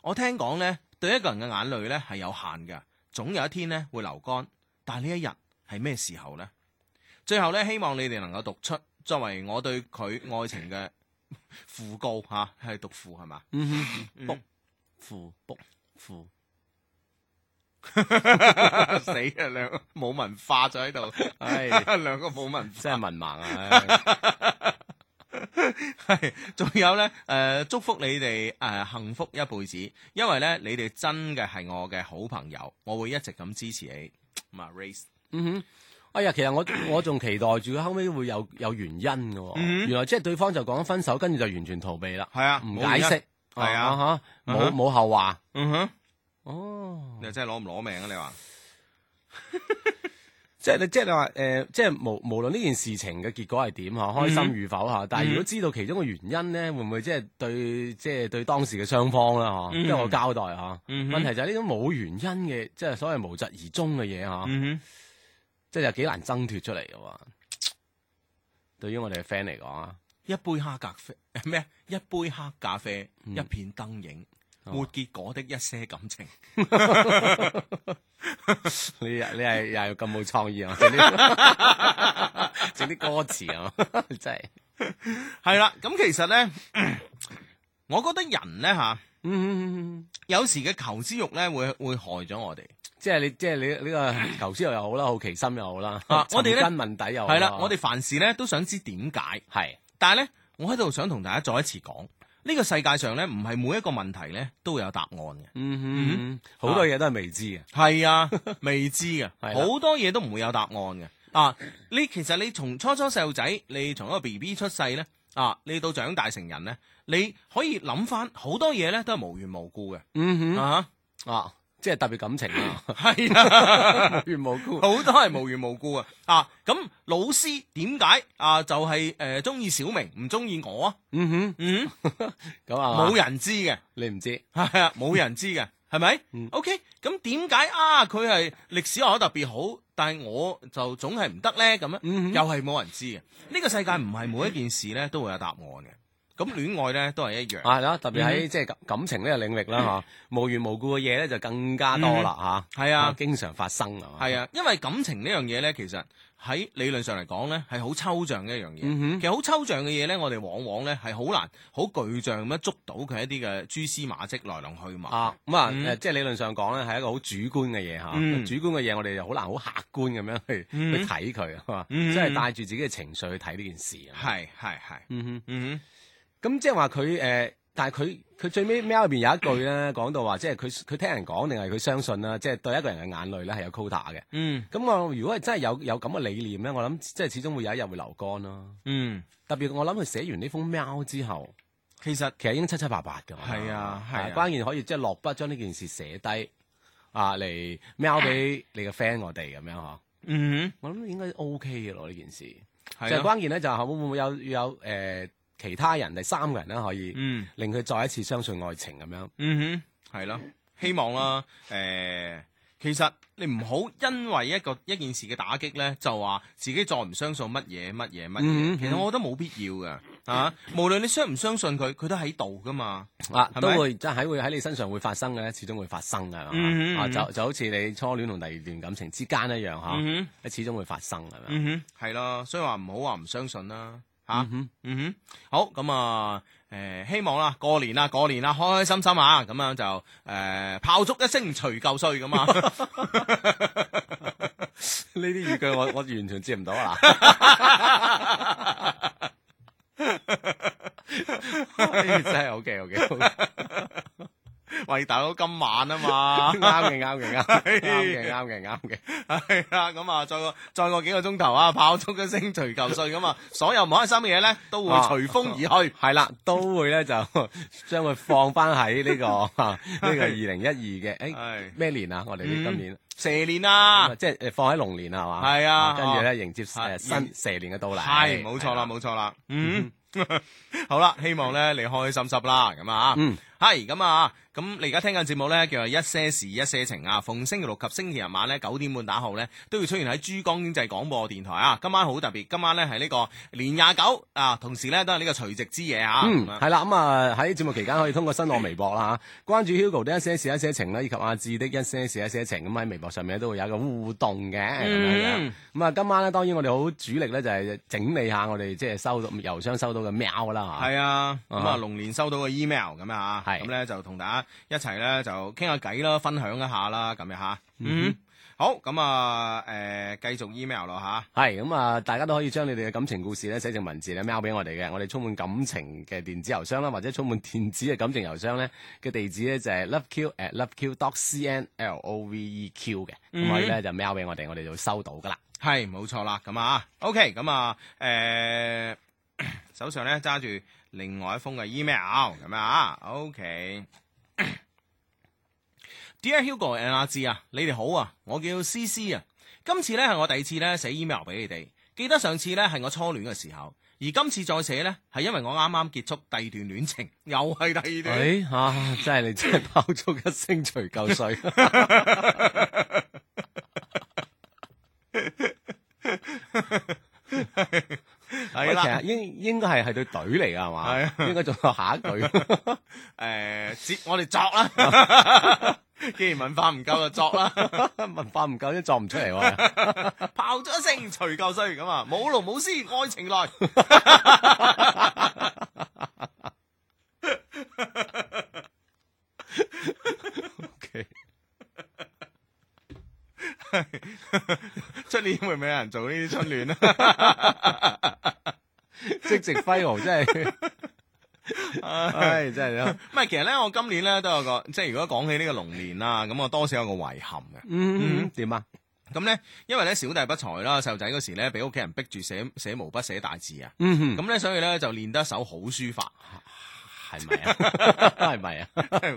我聽講咧對一個人嘅眼淚咧係有限嘅，總有一天咧會流乾，但係呢一日係咩時候咧？最後咧希望你哋能夠讀出作為我對佢愛情嘅訃告吓，係、啊、讀訃係嘛？卜哼，卜訃、嗯，嗯嗯 死啊！兩個冇文化就喺度，唉，兩個冇文，真係文盲啊！係，仲有咧，誒，祝福你哋誒幸福一輩子，因為咧你哋真嘅係我嘅好朋友，我會一直咁支持你。m race，嗯哼，哎呀，其實我我仲期待住後尾會有有原因嘅，原來即係對方就講分手，跟住就完全逃避啦，係啊，唔解釋，係啊，吓冇冇後話，嗯哼。哦，oh. 你真係攞唔攞命啊！你話，即係你，即係你話，誒，即係無無論呢件事情嘅結果係點吓，開心與否吓，但係如果知道其中嘅原因咧，會唔會即係對，即係對當時嘅雙方啦吓，一個 交代吓？ 問題就係呢種冇原因嘅，即係所謂無疾而終嘅嘢吓，即係又幾難掙脫出嚟嘅。對於我哋嘅 friend 嚟講啊，一杯黑咖啡，咩？一杯黑咖啡，一片燈影。 沒結果的一些感情 你，你你係又咁冇創意啊？整啲整啲歌詞啊， 真係係啦。咁其實咧、嗯，我覺得人咧吓，啊嗯嗯嗯、有時嘅求知欲咧會會害咗我哋。即係你，即係你呢、這個求知欲又好啦，好奇心又好啦、啊。我哋刨根問底又係啦。我哋凡事咧都想知點解，係的。但係咧，我喺度想同大家再一次講。呢個世界上咧，唔係每一個問題咧都會有答案嘅。嗯哼，好多嘢都係未知嘅。係啊，未知嘅，好多嘢都唔會有答案嘅。啊，你其實你從初初細路仔，你從一個 BB 出世咧，啊，你到長大成人咧，你可以諗翻好多嘢咧，都係無緣無故嘅。嗯哼，啊啊！啊即係特別感情啊，係啦，無緣無故，好 多係無緣無故啊！啊，咁老師點解啊就係誒中意小明，唔中意我？嗯哼，嗯咁啊，冇人知嘅，你唔知係啊，冇人知嘅，係咪？OK，咁點解啊佢係歷史學得特別好，但係我就總係唔得咧？咁樣，嗯、哼又係冇人知嘅。呢個世界唔係每一件事咧都會有答案嘅。咁戀愛咧都係一樣，啊係啦，特別喺即係感情呢個領域啦嚇，無緣無故嘅嘢咧就更加多啦嚇，係啊，經常發生啊，係啊，因為感情呢樣嘢咧，其實喺理論上嚟講咧係好抽象嘅一樣嘢，其實好抽象嘅嘢咧，我哋往往咧係好難好具象咁樣捉到佢一啲嘅蛛絲馬跡來龍去脈，啊咁啊即係理論上講咧係一個好主觀嘅嘢嚇，主觀嘅嘢我哋就好難好客觀咁樣去去睇佢係嘛，即係帶住自己嘅情緒去睇呢件事啊，係係係，嗯哼嗯哼。咁即係話佢誒，但係佢佢最尾喵入邊有一句咧，講到話即係佢佢聽人講定係佢相信啦，即係對一個人嘅眼淚咧係有 quota 嘅。嗯，咁我如果係真係有有咁嘅理念咧，我諗即係始終會有一日會流乾咯。嗯，特別我諗佢寫完呢封喵之後，其實其實已經七七八八㗎。係啊，係。關鍵可以即係落筆將呢件事寫低啊，嚟喵俾你嘅 friend 我哋咁樣嗬。嗯，我諗應該 OK 嘅咯呢件事。即係關鍵咧就後尾會唔會有有誒。其他人第三個人咧可以令佢再一次相信愛情咁樣，係咯、mm hmm. 希望啦、啊。誒、欸，其實你唔好因為一個一件事嘅打擊咧，就話自己再唔相信乜嘢乜嘢乜嘢。Mm hmm. 其實我覺得冇必要噶嚇。無論你相唔相信佢，佢都喺度噶嘛。啊，都會即係、就是、會喺你身上會發生嘅，始終會發生嘅。啊，mm hmm. 就就好似你初戀同第二段感情之間一樣嚇。你、mm hmm. 啊、始終會發生嘅。嗯哼、mm，係咯，所以話唔好話唔相信啦。吓、啊嗯，嗯哼，好，咁啊，誒、呃，希望啦，過年啦，過年啦，開開心心啊，咁樣就誒、呃，炮竹一聲除舊歲咁啊，呢啲 語句我我完全接唔到啊，真係 OK OK。 喂，大佬今晚啊嘛，啱嘅、啱嘅、啱嘅、啱嘅、啱嘅、啱嘅，係啊咁啊，再過再過幾個鐘頭啊，炮竹一聲除舊歲咁啊，所有唔開心嘅嘢，咧都會隨風而去，係啦，都會咧就將佢放翻喺呢個呢個二零一二嘅，誒咩年啊？我哋今年蛇年啊，即係放喺龍年啊嘛，係啊，跟住咧迎接新蛇年嘅到嚟。係冇錯啦，冇錯啦，嗯，好啦，希望咧你開開心心啦，咁啊吓，係咁啊。咁你而家聽緊嘅節目咧，叫做一些事一些情啊！逢星期六及星期日晚咧九點半打號咧，都會出現喺珠江經濟廣播電台啊！今晚好特別，今晚咧係呢個年廿九啊，同時咧都係呢個除夕之夜啊！嗯，係啦、嗯，咁啊喺節目期間，可以通過新浪微博啦嚇，關注 hugo 的一些事一些情啦，以及阿志的一些事一些情咁，喺微博上面都會有一個互動嘅，咁啊今晚咧當然我哋好主力咧就係整理下我哋即係收到郵箱、啊嗯、收到嘅 mail 啦嚇。係啊，咁啊龍年收到嘅 email 咁啊，咁咧就同大家。一齊咧就傾下偈啦，分享一下啦，咁樣吓，嗯哼好，咁啊，誒，繼、呃、續 email 咯吓係，咁啊、呃，大家都可以將你哋嘅感情故事咧寫成文字咧，mail 俾我哋嘅。我哋充滿感情嘅電子郵箱啦，或者充滿電子嘅感情郵箱咧嘅地址咧就係、是、love q at love q dot c n l o v e q 嘅咁、嗯哼，可以咧就 mail 俾我哋，我哋就會收到噶啦。係冇錯啦，咁啊，ok 咁啊，誒、呃，手上咧揸住另外一封嘅 email 咁啊，ok。Dear Hugo，and 阿志啊，你哋好啊，我叫思思啊，今次呢，係我第二次呢寫 email 俾你哋，記得上次呢，係我初戀嘅時候，而今次再寫呢，係因為我啱啱結束第二段戀情，又係第二段，誒吓，真係你真係爆咗一聲除舊歲。係啦，應該、啊、應該係係對隊嚟噶係嘛，應該仲有下一隊。誒、 呃，接我哋作啦， 既然文化唔夠就作啦， 文化唔夠都作唔出嚟。炮 咗一聲，除舊歲咁啊，舞龍舞獅，愛情來。 OK，出 是 年會唔會有人做呢啲春聯啊？ 一 直揮毫我真係、 哎，係真係咯。唔係，其實咧，我今年咧都有個，即係如果講起呢個龍年個、嗯嗯嗯、啊，咁我多少有個遺憾嘅。嗯嗯，點啊？咁咧，因為咧小弟不才啦，細路仔嗰時咧俾屋企人逼住寫寫毛筆寫大字啊、嗯。嗯哼，咁咧所以咧就練得一手好書法。係咪啊？係咪啊？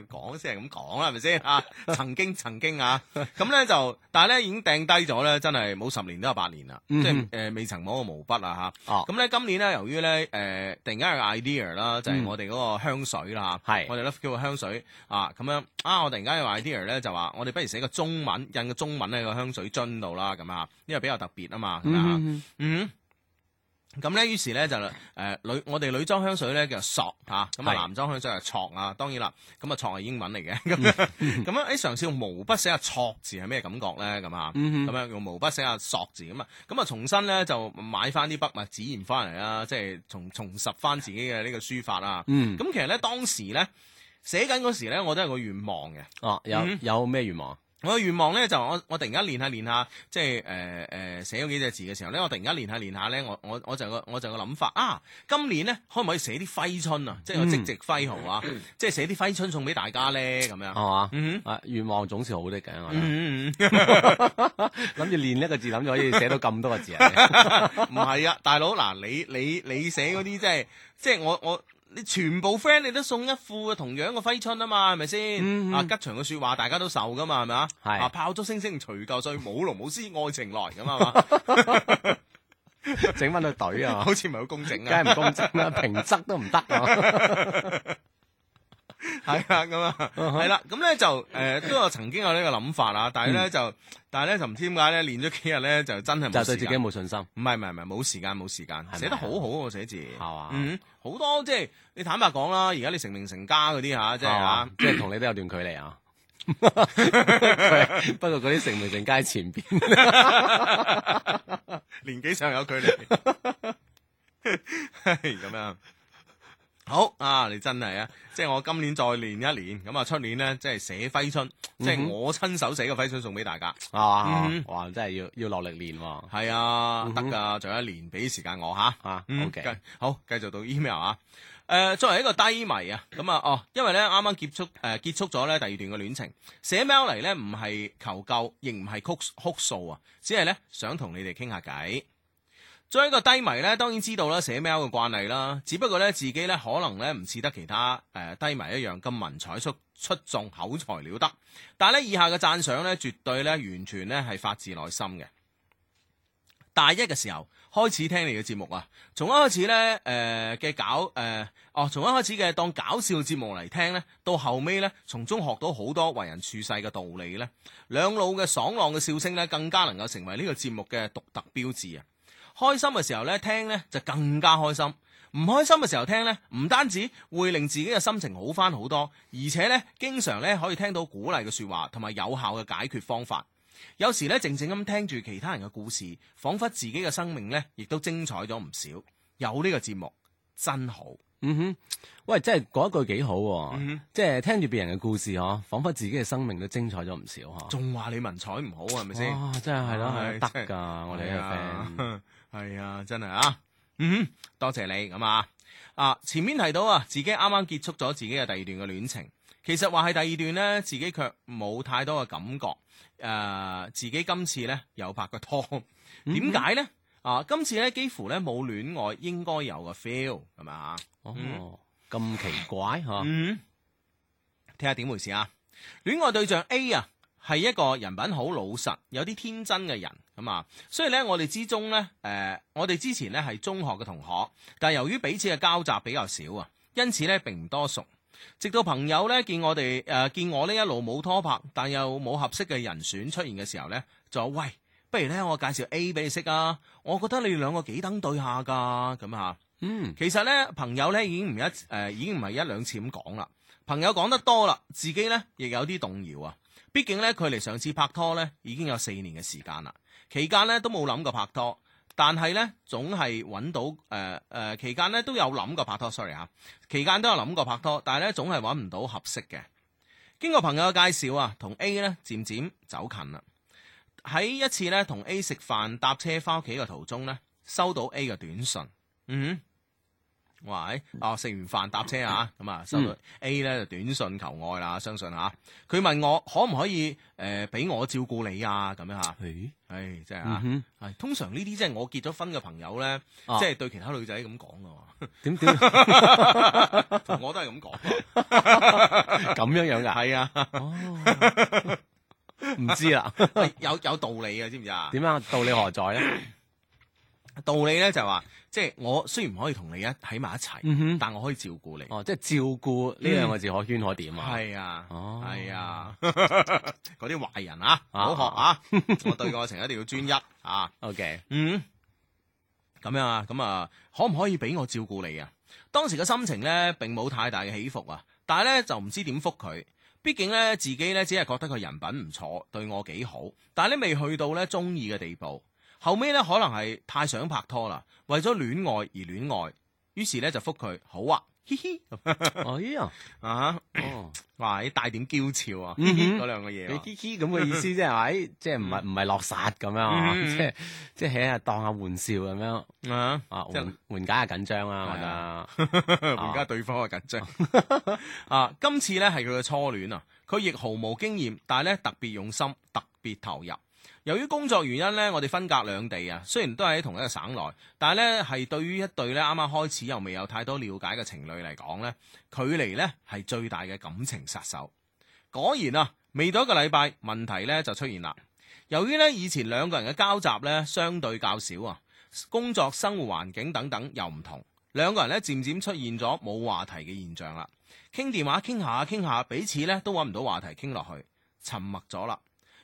講先係咁講啦，係咪先啊？曾經曾經啊，咁咧就，但係咧已經掟低咗咧，真係冇十年都有八年啦，嗯嗯即係誒未曾摸過毛筆啊吓。咁咧、哦嗯、今年咧，由於咧誒突然間有個 idea 啦，就係我哋嗰個香水啦係、嗯、我哋咧叫香水啊，咁樣啊，我突然間有 idea 咧，就話我哋不如寫個中文，印個中文喺個香水樽度啦，咁啊，呢個比較特別啊嘛，啊，樣嗯，嗯。嗯咁咧，於是咧就誒女我哋女裝香水咧叫索嚇，咁啊是男裝香水係錯啊，當然啦，咁啊錯係英文嚟嘅咁樣咁樣。誒、mm，嘗、hmm. 試 用毛筆寫下錯字係咩感覺咧？咁啊，咁樣用毛筆寫下索字咁啊，咁啊重新咧就買翻啲筆墨紙硯翻嚟啦，即係重重拾翻自己嘅呢個書法啦。咁、mm hmm. 其實咧當時咧寫緊嗰時咧，我都係個願望嘅。哦、啊，有、mm hmm. 有咩願望？我嘅願望咧就我我突然間練下練下，即係誒誒寫咗幾隻字嘅時候咧，我突然間練下練下咧，我鍊鍊鍊鍊我我，我就個我就個諗法啊，今年咧可唔可以寫啲揮春啊，即係我即席揮毫啊，即係寫啲揮春送俾大家咧咁樣，係嘛？啊，願望總是好啲嘅、啊，我諗住、嗯嗯嗯、 練一個字，諗住可以寫到咁多個字啊？唔 係啊，大佬嗱，你你你寫嗰啲即係即係我我。我我你全部 friend 你都送一副同樣嘅揮春啊嘛，係咪先？嗯、啊，吉祥嘅説話大家都受噶嘛，係咪是啊？啊，炮竹聲聲除舊歲，舞龍舞獅愛情來咁啊嘛，整翻個隊啊 好似唔係好公正啊，梗係唔公正啦、啊， 平則都唔得啊。 係啊，咁啊，係啦，咁咧就誒，都有曾經有呢個諗法啊，但係咧就，但係咧就唔知點解咧，練咗幾日咧就真係冇。就對自己冇信心，唔係唔係唔係，冇時間冇時間，寫得好好個寫字，係嘛、啊，嗯，好多即係你坦白講啦，而家你成名成家嗰啲吓，即係吓、啊，即係同你都有段距離啊。不過嗰啲成名成家前邊，年紀上有距離，咁 uetooth  樣。好啊！你真係啊，即係我今年再練一年，咁啊出年咧，即係寫揮春，mm hmm. 即係我親手寫嘅揮春送俾大家。啊，嗯、啊，哇！真係要要落力練。係啊，得㗎，仲有一年，俾時間我吓啊、嗯 Okay.。好，繼續到 email 啊。誒、呃，作為一個低迷啊，咁啊哦，因為咧啱啱結束誒、呃、結束咗咧第二段嘅戀情，寫 mail 嚟咧唔係求救，亦唔係哭哭訴啊，只係咧想同你哋傾下偈。作為一個低迷咧，當然知道啦寫 mail 嘅慣例啦，只不過咧自己咧可能咧唔似得其他誒、呃、低迷一樣咁文采出出眾口才了得，但係咧以下嘅讚賞咧絕對咧完全咧係發自內心嘅。大一嘅時候開始聽你嘅節目啊，從一開始咧誒嘅搞誒、呃、哦，從一開始嘅當搞笑節目嚟聽咧，到後尾咧從中學到好多為人處世嘅道理咧，兩老嘅爽朗嘅笑聲咧更加能夠成為呢個節目嘅獨特標誌啊！開心嘅時候咧，聽咧就更加開心；唔開心嘅時候聽咧，唔單止會令自己嘅心情好翻好多，而且咧經常咧可以聽到鼓勵嘅說話同埋有效嘅解決方法。有時咧靜靜咁聽住其他人嘅故事，仿佛自己嘅生命咧亦都精彩咗唔少。有呢個節目真好。嗯哼，喂，真係嗰一句幾好，即係聽住別人嘅故事嗬，仿佛自己嘅生命都精彩咗唔少嗬。仲話你文采唔好係咪先？哇，真係係咯，得噶，我哋 係啊，真係啊，嗯哼，多謝你咁啊，啊，前面提到啊，自己啱啱結束咗自己嘅第二段嘅戀情，其實話係第二段呢，自己卻冇太多嘅感覺，誒、呃，自己今次呢，又拍個拖，點解呢？嗯、哼啊，今次呢，幾乎呢冇戀愛應該有嘅 feel，係咪？哦，咁、嗯、奇怪嗬？ 嗯，睇下點回事啊？戀愛對象 A 啊？係一個人品好老實、有啲天真嘅人咁啊，所以呢，我哋之中呢，誒、呃，我哋之前呢係中學嘅同學，但由於彼此嘅交集比較少啊，因此呢並唔多熟。直到朋友呢見我哋誒、呃、見我呢一路冇拖拍，但又冇合適嘅人選出現嘅時候呢，就話喂，不如呢，我介紹 A 俾你識啊，我覺得你哋兩個幾登對下㗎咁啊。嗯，其實呢，朋友呢已經唔一誒、呃、已經唔係一兩次咁講啦。朋友講得多啦，自己呢亦有啲動搖啊。畢竟咧，佢離上次拍拖咧已經有四年嘅時間啦。期間咧都冇諗過拍拖，但係咧總係揾到誒誒、呃呃。期間咧都有諗過拍拖，sorry 吓。期間都有諗過拍拖，但係咧總係揾唔到合適嘅。經過朋友嘅介紹啊，同 A 咧漸漸走近啦。喺一次咧同 A 食飯搭車翻屋企嘅途中咧，收到 A 嘅短信，嗯。喂啊食完飯搭車啊，咁啊收到 A 咧、嗯、就短信求愛啦，相信啊，佢問我可唔可以誒俾、呃、我照顧你啊，咁樣啊，誒，誒，真係啊，係通常呢啲即係我結咗婚嘅朋友咧，即係對其他女仔咁講噶，點點 同我都係咁講，咁樣樣噶，係啊、哦，唔知啊、 哎，有有,有道理啊，知唔知啊？點啊 樣？ 道理何在咧？道理咧就話，即係我雖然唔可以同你一喺埋一齊，嗯、哼但我可以照顧你。哦，即係照顧呢兩個字可圈可點啊！係、嗯、啊，哦，係啊，嗰啲壞人啊，啊好學啊！ 我對愛情一定要專一啊！OK，嗯，咁樣啊，咁啊，可唔可以俾我照顧你啊？當時嘅心情咧，並冇太大嘅起伏啊，但係咧就唔知點覆佢，畢竟咧自己咧只係覺得佢人品唔錯，對我幾好，但係你未去到咧中意嘅地步。後尾咧，可能係太想拍拖啦，為咗戀愛而戀愛，於是咧就覆佢，好啊，嘻嘻，哎呀，啊，哇，你帶點嬌俏啊，嗰兩個嘢，你嘻嘻咁嘅意思即係咪？即係唔係唔係落實咁樣，即係即係喺度當下玩笑咁樣，啊，即係緩解下緊張啊，覺得緩解對方嘅緊張。啊，今次咧係佢嘅初戀啊，佢亦毫無經驗，但係咧特別用心，特別投入。由於工作原因咧，我哋分隔兩地啊。雖然都係喺同一個省內，但係咧係對於一對咧啱啱開始又未有太多了解嘅情侶嚟講咧，距離咧係最大嘅感情殺手。果然啊，未到一個禮拜，問題咧就出現啦。由於咧以前兩個人嘅交集咧相對較少啊，工作、生活環境等等又唔同，兩個人咧漸漸出現咗冇話題嘅現象啦。傾電話傾下傾下，彼此咧都揾唔到話題傾落去，沉默咗啦。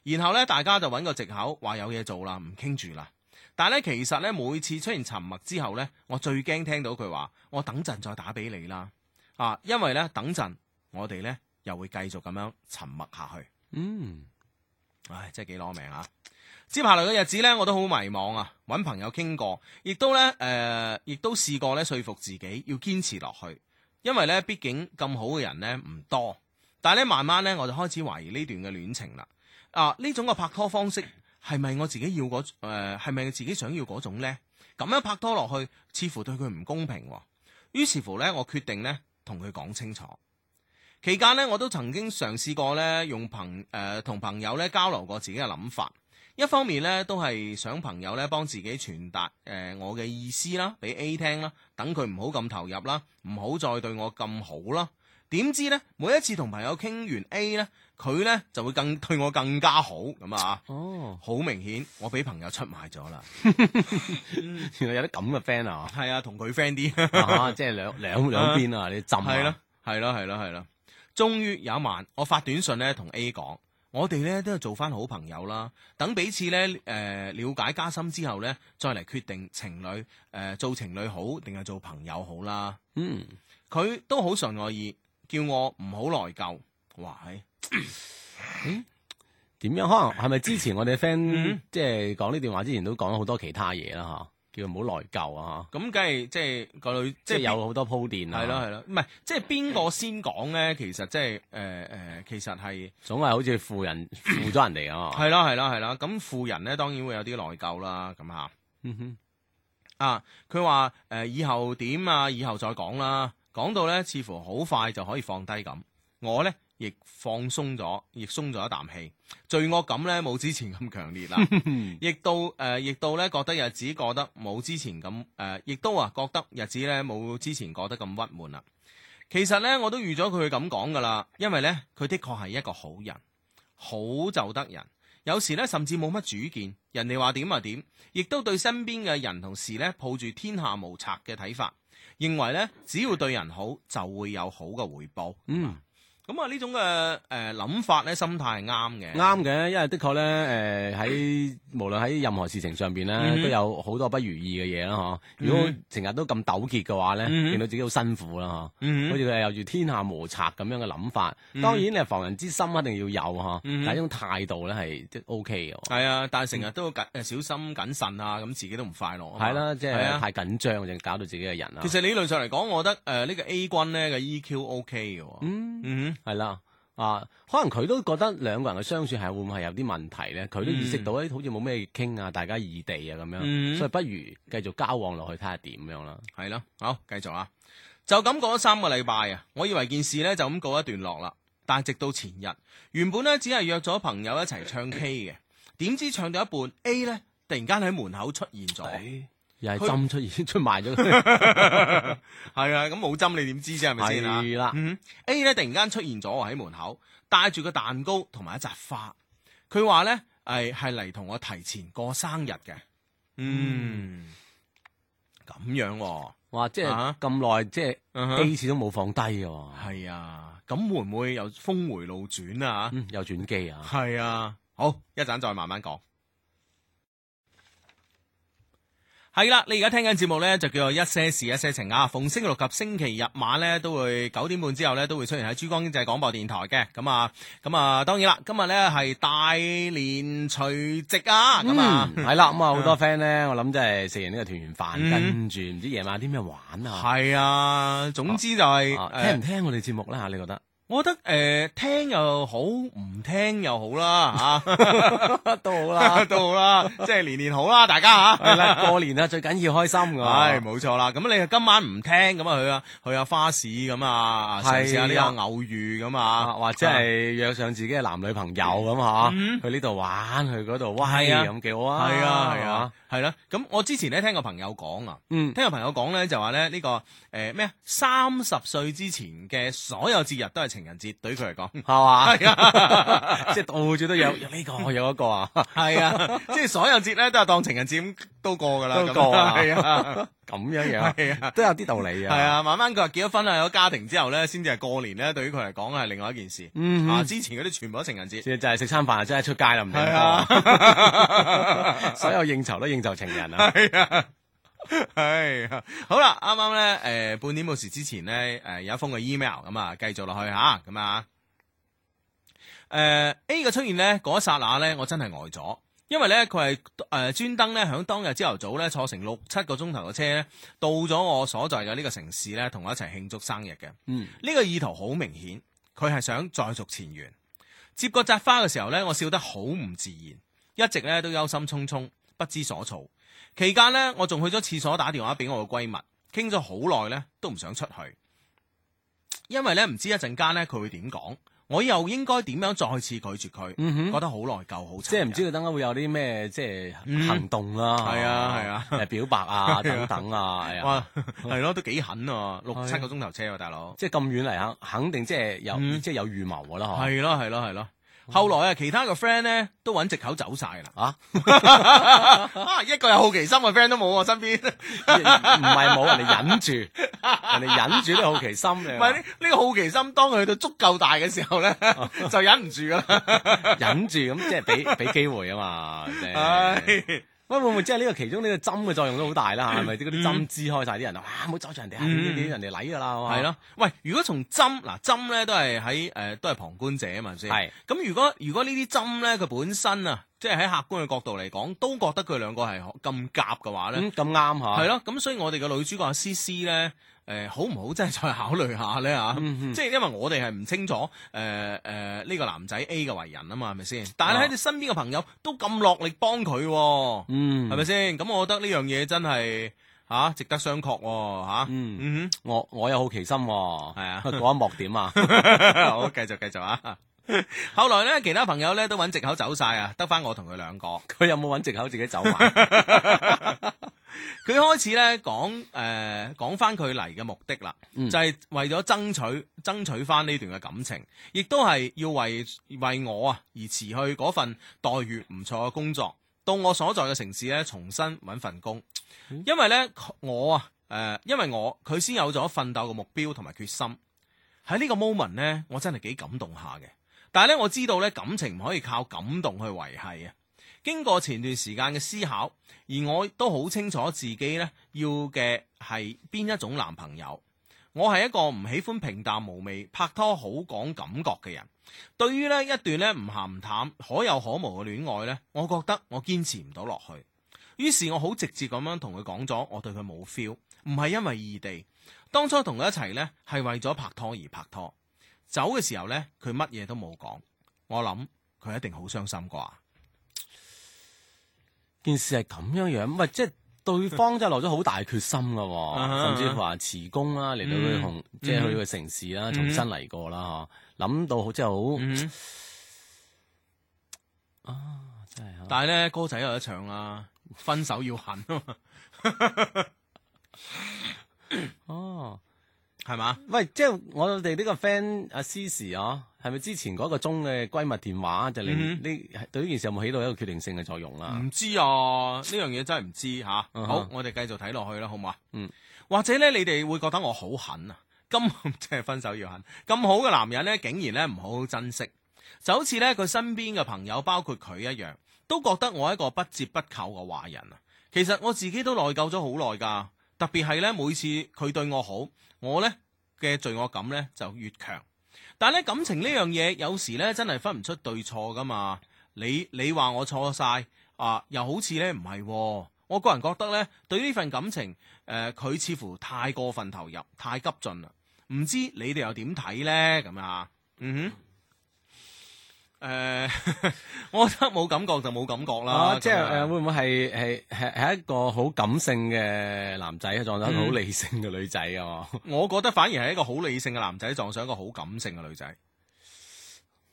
然後咧，大家就揾個藉口，話有嘢做啦，唔傾住啦。但係咧，其實咧，每次出現沉默之後咧，我最驚聽到佢話：我等陣再打俾你啦。啊，因為咧，等陣我哋咧又會繼續咁樣沉默下去。嗯，唉、哎，真係幾攞命啊！接下來嘅日子咧，我都好迷茫啊，揾朋友傾過，亦都咧，誒、呃，亦都試過咧說服自己要堅持落去，因為咧，畢竟咁好嘅人咧唔多。但係咧，慢慢咧，我就開始懷疑呢段嘅戀情啦。啊！呢種嘅拍拖方式係咪我自己要嗰誒係咪自己想要嗰種呢？咁樣拍拖落去，似乎對佢唔公平，啊。於是乎呢，我決定呢，同佢講清楚。期間呢，我都曾經嘗試過呢，用朋誒同，呃，朋友呢交流過自己嘅諗法。一方面呢，都係想朋友呢幫自己傳達誒我嘅意思啦，俾 A 聽啦，等佢唔好咁投入啦，唔好再對我咁好啦。點知呢，每一次同朋友傾完 A 呢。佢咧就會更對我更加好咁啊！哦，好明顯，我俾朋友出賣咗啦。原來有啲咁嘅 friend 啊，係啊，同佢 friend 啲即係兩兩兩邊啊，啊你浸係、啊、咯，係咯、啊，係咯、啊，係咯、啊。終於、啊啊啊、有一晚，我發短信咧同 A 講，我哋咧都係做翻好朋友啦。等彼此咧誒、呃、了解加深之後咧，再嚟決定情侶誒、呃、做情侶好定係做朋友好啦。嗯，佢都好順我意，叫我唔好內疚。哇！點、嗯、樣可能係咪之前我哋 friend、嗯、即係講呢段話之前都講咗好多其他嘢啦？吓，叫唔好內疚啊！吓、嗯，咁梗係即係個女，即係有好多鋪墊啦。係咯係咯，唔係即係邊個先講咧？其實即係誒誒，其實係總係好似富人負咗、嗯、人哋哦。係啦係啦係啦，咁富人咧當然會有啲內疚啦。咁吓，嗯、哼啊，佢話誒以後點啊？以後再講啦。講到咧，似乎好快就可以放低咁。我咧。我呢亦放鬆咗，亦鬆咗一啖氣，罪惡感咧冇之前咁強烈啦。亦 到誒，亦、呃、到咧覺得日子過得冇之前咁誒，亦、呃、都啊覺得日子咧冇之前過得咁鬱悶啦。其實咧我都預咗佢咁講㗎啦，因為咧佢的確係一個好人，好就得人。有時咧甚至冇乜主見，人哋話點啊點，亦都對身邊嘅人同事咧抱住天下無賊嘅睇法，認為咧只要對人好就會有好嘅回報。嗯。 咁啊，呢種嘅誒諗法咧，心態係啱嘅。啱嘅，因為的確咧，誒喺，無論喺任何事情上邊咧，都有好多不如意嘅嘢啦，吓，如果成日都咁糾結嘅話咧，令到自己好辛苦啦，嗬。好似佢係有住天下無賊咁樣嘅諗法。當然你係防人之心一定要有嗬，但係呢種態度咧係即係 OK 嘅。係啊，但係成日都謹誒小心謹慎啊，咁自己都唔快樂，係啦，即係太緊張，就搞到自己嘅人啊，其實理論上嚟講我覺得誒呢個 A 君咧嘅 EQ OK 嘅。嗯嗯。係啦，啊，可能佢都覺得兩個人嘅相處係會唔會係有啲問題咧？佢都意識到啲、嗯、好似冇咩傾啊，大家異地啊咁樣，嗯、所以不如繼續交往落去睇下點樣啦。係啦，好繼續啊，就咁過咗三個禮拜啊。我以為件事咧就咁告一段落啦，但係直到前日，原本咧只係約咗朋友一齊唱 K 嘅，點知唱到一半 A 咧突然間喺門口出現咗。又係針出現出賣咗佢，係啊，咁冇針你點知啫？係咪先啊？係啦，A 咧突然間出現咗喺門口，帶住個蛋糕同埋一扎花，佢話咧係係嚟，同我提前過生日嘅。嗯，咁、嗯、樣、啊，哇，即係咁耐，即係、啊、A 始終都冇放低嘅。係啊，咁、啊、會唔會又峰迴路轉啊？吓、嗯，有轉機啊？係啊，好一陣再慢慢講。係啦，你而家聽緊節目咧，就叫做一些事一些情啊。逢星期六及星期日晚咧，都會九點半之後咧，都會出現喺珠江經濟廣播電台嘅。咁啊，咁啊，當然啦，今日咧係大年除夕啊。咁啊，係啦、嗯，咁啊，好、嗯嗯、多 friend 咧，我諗即係食完呢個團圓飯，嗯、跟住唔知夜晚啲咩玩啊。係啊，總之就係、是啊啊、聽唔聽我哋節目啦吓，你覺得？我覺得誒聽又好，唔聽又好啦，吓都好啦，都好啦，即係年年好啦，大家吓，係啦，過年啦，最緊要開心嘅，係冇錯啦。咁你今晚唔聽咁啊去啊去啊花市咁啊，嘗試下呢個偶遇咁啊，或者係約上自己嘅男女朋友咁嗬，去呢度玩，去嗰度玩，咁幾好啊，係啊係啊，係啦。咁我之前咧聽個朋友講啊，嗯，聽個朋友講咧就話咧呢個誒咩啊，三十歲之前嘅所有節日都係。情人節對佢嚟講係嘛，即係到處都有有呢個，我有一個啊，係啊，即係所有節咧都係當情人節咁都過噶啦，都過係啊，咁樣樣係啊，都有啲道理啊，係啊，慢慢佢話結咗婚啊，有咗家庭之後咧，先至係過年咧，對於佢嚟講係另外一件事，嗯、哼啊，之前嗰啲全部都情人節，即就係食餐飯，即係出街啦，係啊， 所有應酬都應酬情人啊。係， 好啦，啱啱呢，誒、呃，半年冇事之前呢，誒、呃，有一封嘅 email，咁、嗯、啊，繼續落去吓，咁啊，誒、呃，A 嘅出現呢，嗰一剎那呢，我真係呆咗，因為呢，佢係誒專登呢，響當日朝頭早呢，坐成六七個鐘頭嘅車呢，到咗我所在嘅呢個城市呢，同我一齊慶祝生日嘅，嗯，呢個意圖好明顯，佢係想再續前緣。接過紮花嘅時候呢，我笑得好唔自然，一直呢，都憂心忡忡，不知所措。期間咧，我仲去咗廁所打電話俾我個閨蜜，傾咗好耐咧，都唔想出去，因為咧唔知一陣間咧佢會點講，我又應該點樣再次拒絕佢？覺得好內疚，好即係唔知佢等間會有啲咩即係行動啦，係啊係啊，表白啊等等啊，係啊，係咯都幾狠啊，六七個鐘頭車喎大佬，即係咁遠嚟肯肯定即係有即係有預謀噶啦，係咯係咯係咯。後來啊，其他個 friend 咧，都揾藉口走晒啦，啊， 啊，一個有好奇心嘅 friend 都冇我身邊，唔係冇人哋忍住，人哋忍住啲好奇心嘅，唔係呢呢個好奇心當佢去到足夠大嘅時候咧， 就忍唔住噶啦， 忍住咁即係俾俾機會啊嘛。喂，會唔會即係呢個其中呢個針嘅作用都好大啦？嚇，係咪啲啲針支開晒啲人啊？唔、嗯、好走住人哋，人哋人哋禮㗎啦，係咯。喂，如果從針嗱針咧都係喺誒都係旁觀者啊嘛先。係。咁是的 如果如果呢啲針咧佢本身啊，即係喺客觀嘅角度嚟講，都覺得佢兩個係咁夾嘅話咧，咁啱嚇。係咯。咁的、啊、所以我哋嘅女主角阿詩詩咧。誒、欸，好唔好真係再考慮下咧嚇？嗯、哼即係因為我哋係唔清楚，誒誒呢個男仔 A 嘅為人啊嘛，係咪先？但係咧喺你身邊嘅朋友都咁落力幫佢、啊，嗯，係咪先？咁我覺得呢樣嘢真係嚇、啊、值得商榷喎嚇。啊、嗯，嗯哼我我有好奇心，係啊，嗰、啊、一幕點啊？ 好，繼續繼續啊！後來咧，其他朋友咧都揾藉口走晒啊，得返我同佢兩個。佢有冇揾藉口自己走埋？ 佢開始咧講，誒，講翻佢嚟嘅目的啦，嗯、就係為咗爭取，爭取翻呢段嘅感情，亦都係要為為我啊而辭去嗰份待遇唔錯嘅工作，到我所在嘅城市咧重新搵份工，因為呢，我啊，誒、呃，因為我佢先有咗奮鬥嘅目標同埋決心，喺呢個 moment 呢，我真係幾感動下嘅，但係咧我知道咧感情唔可以靠感動去維繫啊。經過前段時間嘅思考，而我都好清楚自己呢要嘅係邊一種男朋友。我係一個唔喜歡平淡無味拍拖，好講感覺嘅人。對於呢一段呢唔鹹唔淡可有可無嘅戀愛呢，我覺得我堅持唔到落去。於是我好直接咁樣同佢講咗，我對佢冇 feel，唔係因為異地。當初同佢一齊呢，係為咗拍拖而拍拖，走嘅時候呢，佢乜嘢都冇講，我諗佢一定好傷心啩。件事係咁樣樣，唔係即係對方真係落咗好大決心噶、啊， 甚至話辭工啦、啊，嚟、嗯、到佢紅，即係去個城市啦、啊，嗯、重新嚟過啦、啊，吓諗、嗯、到好真係好，啊真係，但係咧歌仔有得唱啦、啊，分手要狠啊嘛，哦。係嘛？喂，即係我哋呢個 friend 阿、啊、C 時係咪之前嗰個鐘嘅閨蜜電話就令呢、嗯、哼對呢件事有冇起到一個決定性嘅作用啦？唔知啊，呢樣嘢真係唔知吓。啊嗯、哼好，我哋繼續睇落去啦，好唔好啊？嗯、或者咧，你哋會覺得我好狠啊？咁即係分手要狠，咁好嘅男人咧，竟然咧唔好好珍惜，就好似咧佢身邊嘅朋友，包括佢一樣都覺得我係一個不折不扣嘅壞人啊。其實我自己都內疚咗好耐噶，特別係咧每次佢對我好。我呢嘅罪惡感呢就越強，但係咧感情呢樣嘢有時呢真係分唔出對錯㗎嘛，你你話我錯晒啊，又好似呢唔係，我個人覺得呢對呢份感情誒，佢、呃、似乎太過分投入，太急進啦，唔知你哋又點睇呢？咁啊？嗯哼。誒，呃、 我覺得冇感覺就冇感覺啦。啊、即係誒，呃、會唔會係係係係一個好感性嘅男仔撞上一個好理性嘅女仔啊？嗯、 我覺得反而係一個好理性嘅男仔撞上一個好感性嘅女仔。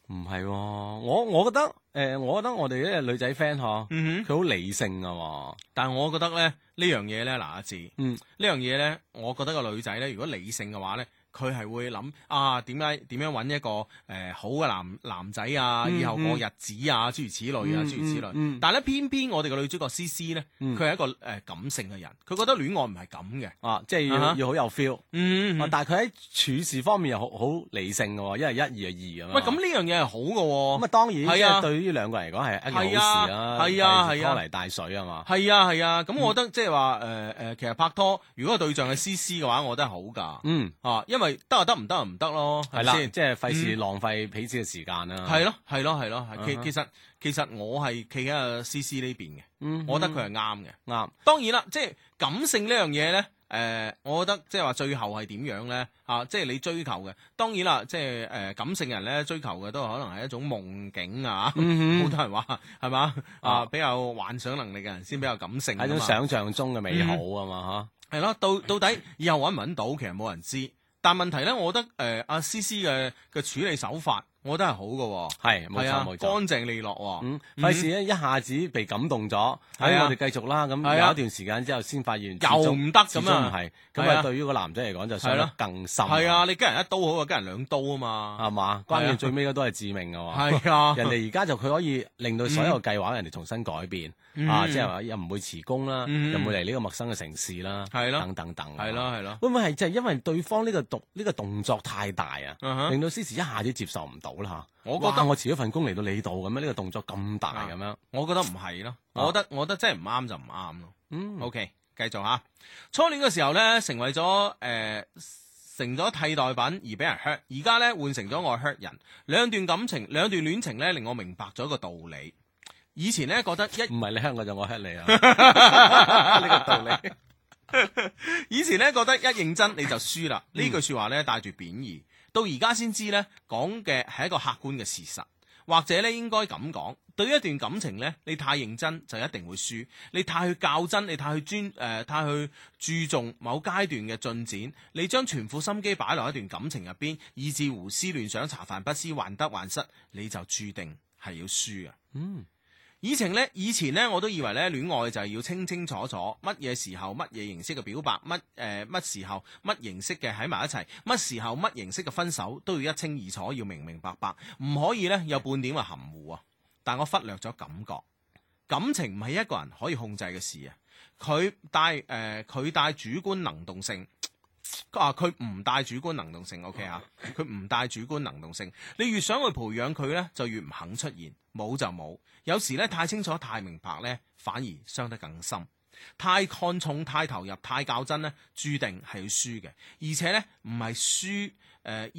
唔係、啊，我我覺得誒、呃，我覺得我哋呢個女仔 friend 嗬，佢好理性噶、啊，但係我覺得咧呢樣嘢咧，嗱一支，嗯，樣呢樣嘢咧，我覺得個女仔咧，如果理性嘅話咧。佢係會諗啊點解點樣揾一個誒、呃、好嘅男男仔啊，以後過日子啊，諸如此類啊，諸如此類、啊。類此類但係咧，偏偏我哋個女主角、S、C C 咧，佢係、嗯、一個誒感性嘅人，佢覺得戀愛唔係咁嘅啊，即係要好、啊、有 feel、嗯嗯啊。但係佢喺處事方面又好好理性嘅喎，因為一係一，二係二咁。喂，咁呢樣嘢係好嘅喎。咁、嗯、啊，當然係啊，對於兩個人嚟講係一件好事啊，係啊，係啊，拖泥帶水啊嘛？係啊，係啊。咁我覺得即係話誒誒，其實拍拖如果對象係 C C 嘅話，我覺得係好㗎。嗯，啊，因為。喂，得啊，得唔得啊？唔得咯，係啦，即係費事浪費彼此嘅時間啦。係咯，係咯，係咯。其其實其實我係企喺阿 C C 呢邊嘅，我覺得佢係啱嘅，啱。當然啦，即係感性呢樣嘢咧，誒，我覺得即係話最後係點樣咧？吓，即係你追求嘅。當然啦，即係誒，感性人咧，追求嘅都可能係一種夢境啊，好多人話係嘛啊，比較幻想能力嘅人先比較感性，係種想象中嘅美好啊嘛，吓。係咯，到到底以後搵唔搵到，其實冇人知。但問題咧，我覺得誒阿詩詩嘅嘅處理手法。我都係好嘅，係冇錯，乾淨利落，費事一一下子被感動咗。喺我哋繼續啦，咁有一段時間之後先發現又唔得，咁終唔係咁啊。對於個男仔嚟講，就想得更深。係啊，你跟人一刀好啊，跟人兩刀啊嘛，係嘛？關鍵最尾嗰刀係致命嘅喎。係啊，人哋而家就佢可以令到所有計劃，人哋重新改變啊，即係話又唔會辭工啦，又唔會嚟呢個陌生嘅城市啦，係咯，等等等，係咯，係咯。會唔會係就係因為對方呢個動呢個動作太大啊？令到 c i 一下子接受唔到。好啦，我覺得我辭咗份工嚟到你度咁樣，呢、這個動作咁大咁樣，我覺得唔係咯，我覺得我覺得真係唔啱就唔啱咯。嗯，OK，繼續吓。初戀嘅時候咧，成為咗誒、呃，成咗替代品而俾人 hurt，而家咧換成咗我 hurt 人。兩段感情，兩段戀情咧，令我明白咗一個道理。以前咧覺得一唔係你 hurt，就是、我就我 hurt 你啊，呢 個道理。 以前咧覺得一認真你就輸啦， 句呢句說話咧帶住貶義。到而家先知呢，講嘅係一個客觀嘅事實，或者呢應該咁講，對於一段感情呢，你太認真就一定會輸，你太去較真，你太去專誒、呃，太去注重某階段嘅進展，你將全副心機擺落一段感情入邊，以至胡思亂想，茶飯不思，患得患失，你就注定係要輸嘅。嗯。以前呢，以前咧，我都以為咧，戀愛就係要清清楚楚，乜嘢時候，乜嘢形式嘅表白，乜誒乜時候，乜形式嘅喺埋一齊，乜時候乜形式嘅分手都要一清二楚，要明明白白，唔可以呢，有半點嘅含糊啊！但我忽略咗感覺，感情唔係一個人可以控制嘅事啊！佢帶誒佢、呃、帶主觀能動性，啊佢唔帶主觀能動性，OK 啊？佢唔帶主觀能動性，你越想去培養佢呢，就越唔肯出現。冇就冇，有時咧太清楚、太明白咧，反而傷得更深。太看重、太投入、太較真咧，註定係要輸嘅。而且咧，唔係輸誒，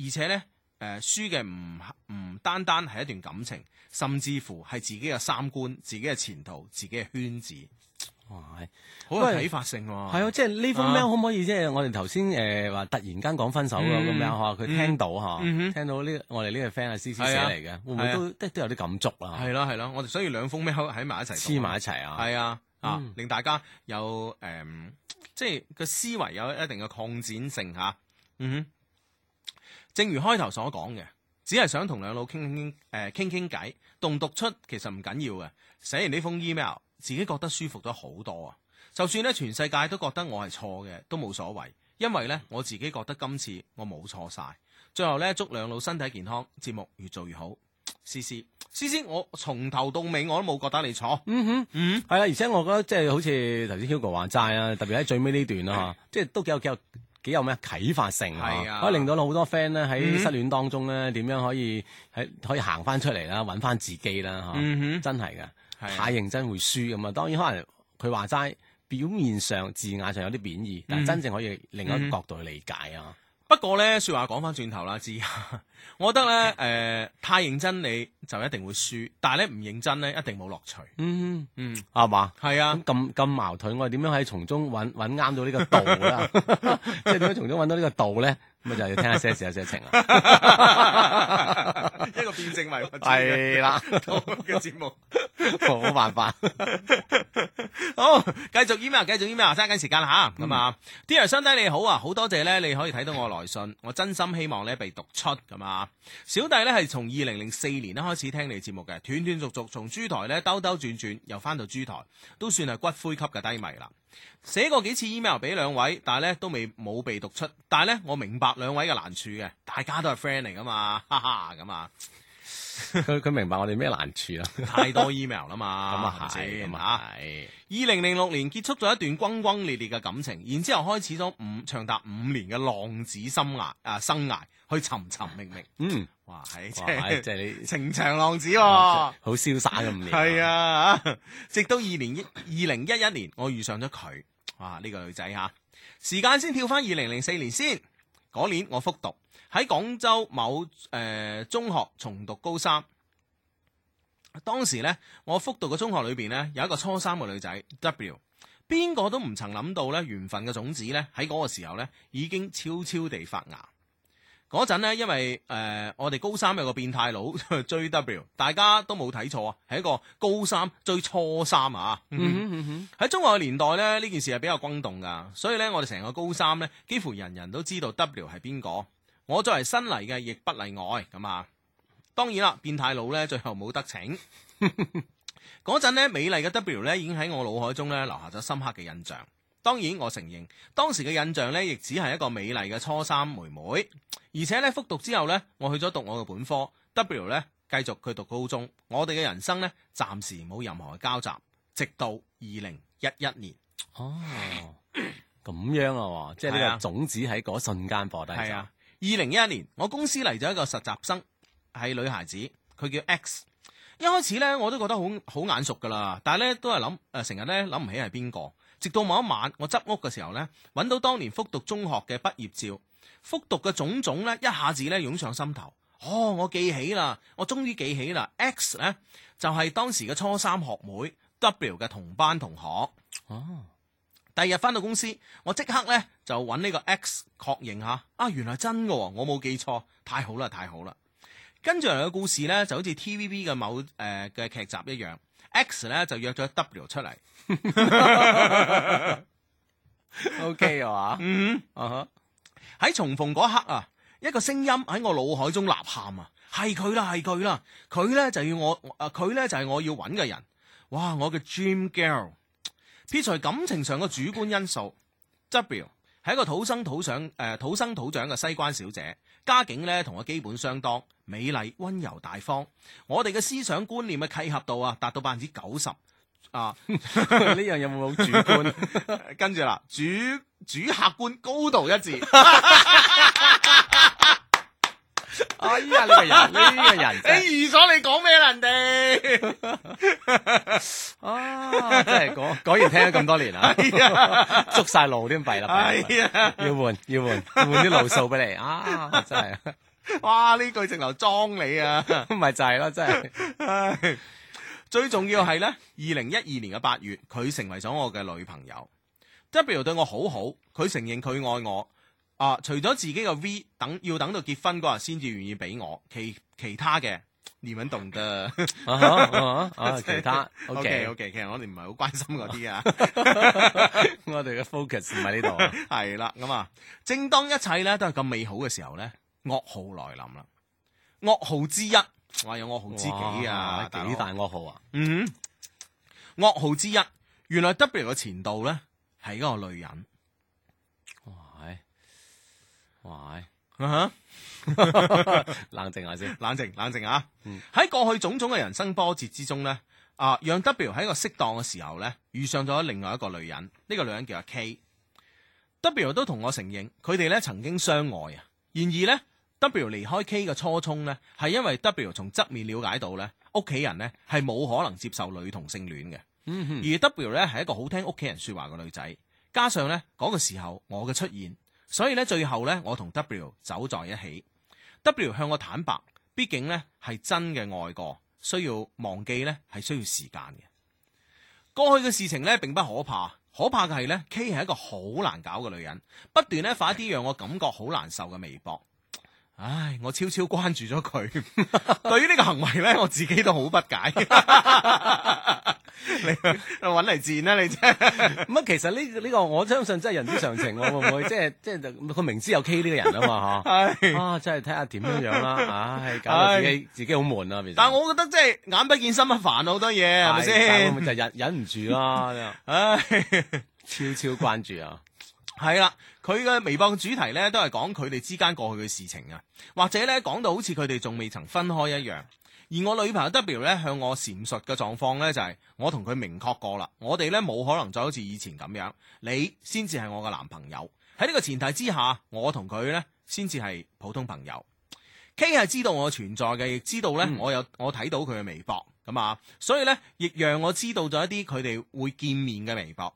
而且咧誒，輸嘅唔唔單單係一段感情，甚至乎係自己嘅三觀、自己嘅前途、自己嘅圈子。哇，係好啟發性喎，係啊，即係呢封 mail 可唔可以即係我哋頭先誒話突然間講分手咁樣嗬，佢聽到嗬，聽到呢我哋呢個 friend 係私私寫嚟嘅，會唔會都都有啲感觸啦？係咯，係咯，我哋所以兩封 mail 喺埋一齊黐埋一齊啊，係啊啊，令大家有誒，即係個思維有一定嘅擴展性吓。嗯哼，正如開頭所講嘅，只係想同兩老傾傾誒傾傾偈，動讀出其實唔緊要嘅，寫完呢封 email。自己覺得舒服咗好多啊！就算咧全世界都覺得我係錯嘅，都冇所謂，因為咧我自己覺得今次我冇錯晒。最後咧，祝兩老身體健康，節目越做越好。思思，思思，我從頭到尾我都冇覺得你錯。嗯哼、mm，嗯、hmm. mm，係、hmm. 啊。而且我覺得即係、就是、好似頭先 Hugo 話齋啊，特別喺最尾呢段啦嚇，即係都幾有幾有幾有咩啟發性啊！可以、啊、令到好多 friend 咧喺失戀當中咧點、mm hmm. 樣可以喺可以行翻出嚟啦，揾翻自己啦嚇。嗯、啊、哼，mm hmm. 真係噶。太認真會輸咁啊！當然可能佢話齋表面上字眼上有啲貶義，但係真正可以另一個角度去理解啊。嗯嗯、不過咧，說話講翻轉頭啦，知，我覺得咧，誒、呃，太認真你就一定會輸，但係咧唔認真咧一定冇樂趣。嗯嗯，係嘛、嗯？係吧啊，咁咁矛盾，我哋點樣可以從中揾揾啱到個呢 到個道咧？即係點樣從中揾到呢個道咧？咁咪就要聽下些事又情啊！試 一個辯證埋係啦，嘅節目冇辦法。好，繼續 email，繼續 email，揸緊時間吓咁啊！Dear 兄低你好啊，好多謝咧，你可以睇到我來信，我真心希望咧被讀出咁啊！小弟咧係從二零零四年咧開始聽你節目嘅，斷斷續續從珠台咧兜兜轉轉又翻到珠台，都算係骨灰級嘅低迷啦。寫過幾次 email 俾兩位，但係咧都未冇被讀出。但係咧我明白兩位嘅難處嘅，大家都係 friend 嚟噶嘛，哈哈咁啊！佢 明白我哋咩難處啦， 太多 email 啦嘛，咁啊係，吓係。二零零六年結束咗一段轟轟烈烈嘅感情，然之後開始咗五長達五年嘅浪子生涯啊，生涯去尋尋覓覓，嗯，哇，係即係你情長浪子、啊，好、就是、瀟灑嘅五年、啊，係 啊，直到二年二零一一年，我遇上咗佢，哇，呢、呢個女仔吓，時間先跳翻二零零四年先，嗰年我復讀。喺廣州某誒、呃、中學重讀高三，當時咧，我複讀嘅中學裏邊咧，有一個初三嘅女仔 W，邊個都唔曾諗到咧，緣分嘅種子咧喺嗰個時候咧已經悄悄地發芽。嗰陣咧，因為誒、呃、我哋高三有個變態佬追 W，大家都冇睇錯啊，係一個高三追初三啊。喺、嗯嗯嗯嗯、中學嘅年代呢，呢件事係比較轟動噶，所以呢，我哋成個高三呢，幾乎人人，人都知道 W 係邊個。我作為新嚟嘅，亦不例外咁啊！當然啦，變態佬咧，最後冇得逞。嗰陣咧，美麗嘅 W 咧已經喺我腦海中咧留下咗深刻嘅印象。當然，我承認當時嘅印象咧，亦只係一個美麗嘅初三妹妹。而且咧，復讀之後咧，我去咗讀我嘅本科，W 咧繼續佢讀高中。我哋嘅人生咧，暫時冇任何交集，直到二零一一年。哦，咁樣啊，即係呢個種子喺嗰瞬間播低。二零一一年，我公司嚟咗一個實習生，係女孩子，佢叫 X。一開始呢，我都覺得好好眼熟噶啦，但係咧都係諗誒，成日咧諗唔起係邊個。直到某一晚，我執屋嘅時候呢，揾到當年復讀中學嘅畢業照，復讀嘅種種咧，一下子咧湧上心頭。哦，我記起啦，我終於記起啦，X 呢，就係當時嘅初三學妹 W 嘅同班同學。哦。第二日翻到公司，我即刻咧就揾呢個 X 確認吓，啊，原來真嘅、哦，我冇記錯，太好啦，太好啦！跟住嚟嘅故事咧，就好似 TVB 嘅某誒嘅劇集一樣，X 咧就約咗 W 出嚟。OK 啊嗯啊喺、uh huh. 重逢嗰刻啊，一個聲音喺我腦海中吶喊啊，係佢啦，係佢啦，佢咧就要我，誒佢咧就係、是、我要揾嘅人，哇！我嘅 dream girl。撇除感情上嘅主觀因素，W 係一個土生土長誒、呃、土生土長嘅西關小姐，家境咧同我基本相當，美麗溫柔大方，我哋嘅思想觀念嘅契合度啊達到百分之九十啊，呢樣 有冇好主觀？ 跟住啦，主主客觀高度一致。 哎呀，你呢個人呢個人，你預咗 是你講咩人哋、 啊？ 啊，真係果果然聽咗咁多年啦，捉晒路添，弊啦，係啊，要換要換換啲路數俾你啊！真係，哇！呢句直頭裝你啊，咪就係咯，真係。 最重要係咧，二零一二年嘅八月，佢成為咗我嘅女朋友，即係譬如對我好好，佢承認佢愛我。啊！除咗自己嘅 V 等，要等到結婚嗰日先至願意俾我，其其他嘅你唔忍懂得其他 OK OK，其實我哋唔係好關心嗰啲啊， 我哋嘅 focus 唔喺呢度。係啦，咁啊， 正當一切咧都係咁美好嘅時候咧，噩耗來臨啦！噩耗之一，話有噩耗之幾啊，幾大噩耗啊？嗯哥，噩耗 之一，原來 W 嘅前度咧係一個女人。哇！吓 Wow. 冷靜下先，冷靜，冷靜啊！喺過去種種嘅人生波折之中呢，啊，讓 W 喺一個適當嘅時候呢，遇上咗另外一個女人，呢個女人叫阿 K。W 都同我承認，佢哋呢曾經相愛啊。然而呢 W 離開 K 嘅初衷呢，係因為 W 從側面了解到呢，屋企人呢係冇可能接受女同性戀嘅。 而 W 呢係一個好聽屋企人說話嘅女仔，加上呢，嗰個時候，我嘅出現。所以咧，最後咧，我同 W 走在一起。W 向我坦白，畢竟咧係真嘅愛過，需要忘記咧係需要時間嘅。過去嘅事情咧並不可怕，可怕嘅係咧 K 係一個好難搞嘅女人，不斷咧發一啲讓我感覺好難受嘅微博。唉，我悄悄關注咗佢。 對於呢個行為咧，我自己都好不解。 你搵嚟賤啦你啫，咁 其實呢、這、呢、個呢個我相信真係人之常情， 會唔會即係即係佢明知有 K 呢個人嘛 啊嘛吓，真看看啊真係睇下點樣樣啦，唉、哎、搞到自己 自己好悶啊，其實。但係我覺得即係眼不見心不煩好多嘢，係咪先就忍忍唔住啦、啊！唉 超超關注啊，係啦， 佢嘅微博主題咧都係講佢哋之間過去嘅事情啊，或者咧講到好似佢哋仲未曾分開一樣。而我女朋友 W 咧，向我闡述嘅狀況咧就係我同佢明確過啦，我哋咧冇可能再好似以前咁樣，你先至係我嘅男朋友。喺呢個前提之下，我同佢咧先至係普通朋友。K 係知道我存在嘅，亦知道咧我有我睇到佢嘅微博咁啊，所以咧亦讓我知道咗一啲佢哋會見面嘅微博。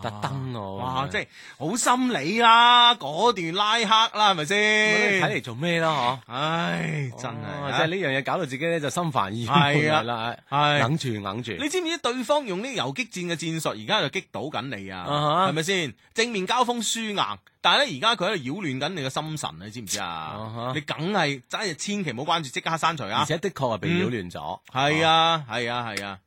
特登我，哇！即係好心理啦，嗰段拉黑啦，係咪先？睇嚟，做咩啦？唉，真係，即係呢樣嘢，搞到自己咧就心煩意亂啦，係，係，等住等住。你知唔知對方用呢游擊戰嘅戰術，而家就激到緊你啊？係咪先？正面交鋒輸硬，但係咧而家佢喺度擾亂緊你嘅心神，你知唔知啊？你梗係真係千祈唔好關注，即刻刪除啊！而且的確係被擾亂咗，係啊，係啊，係啊，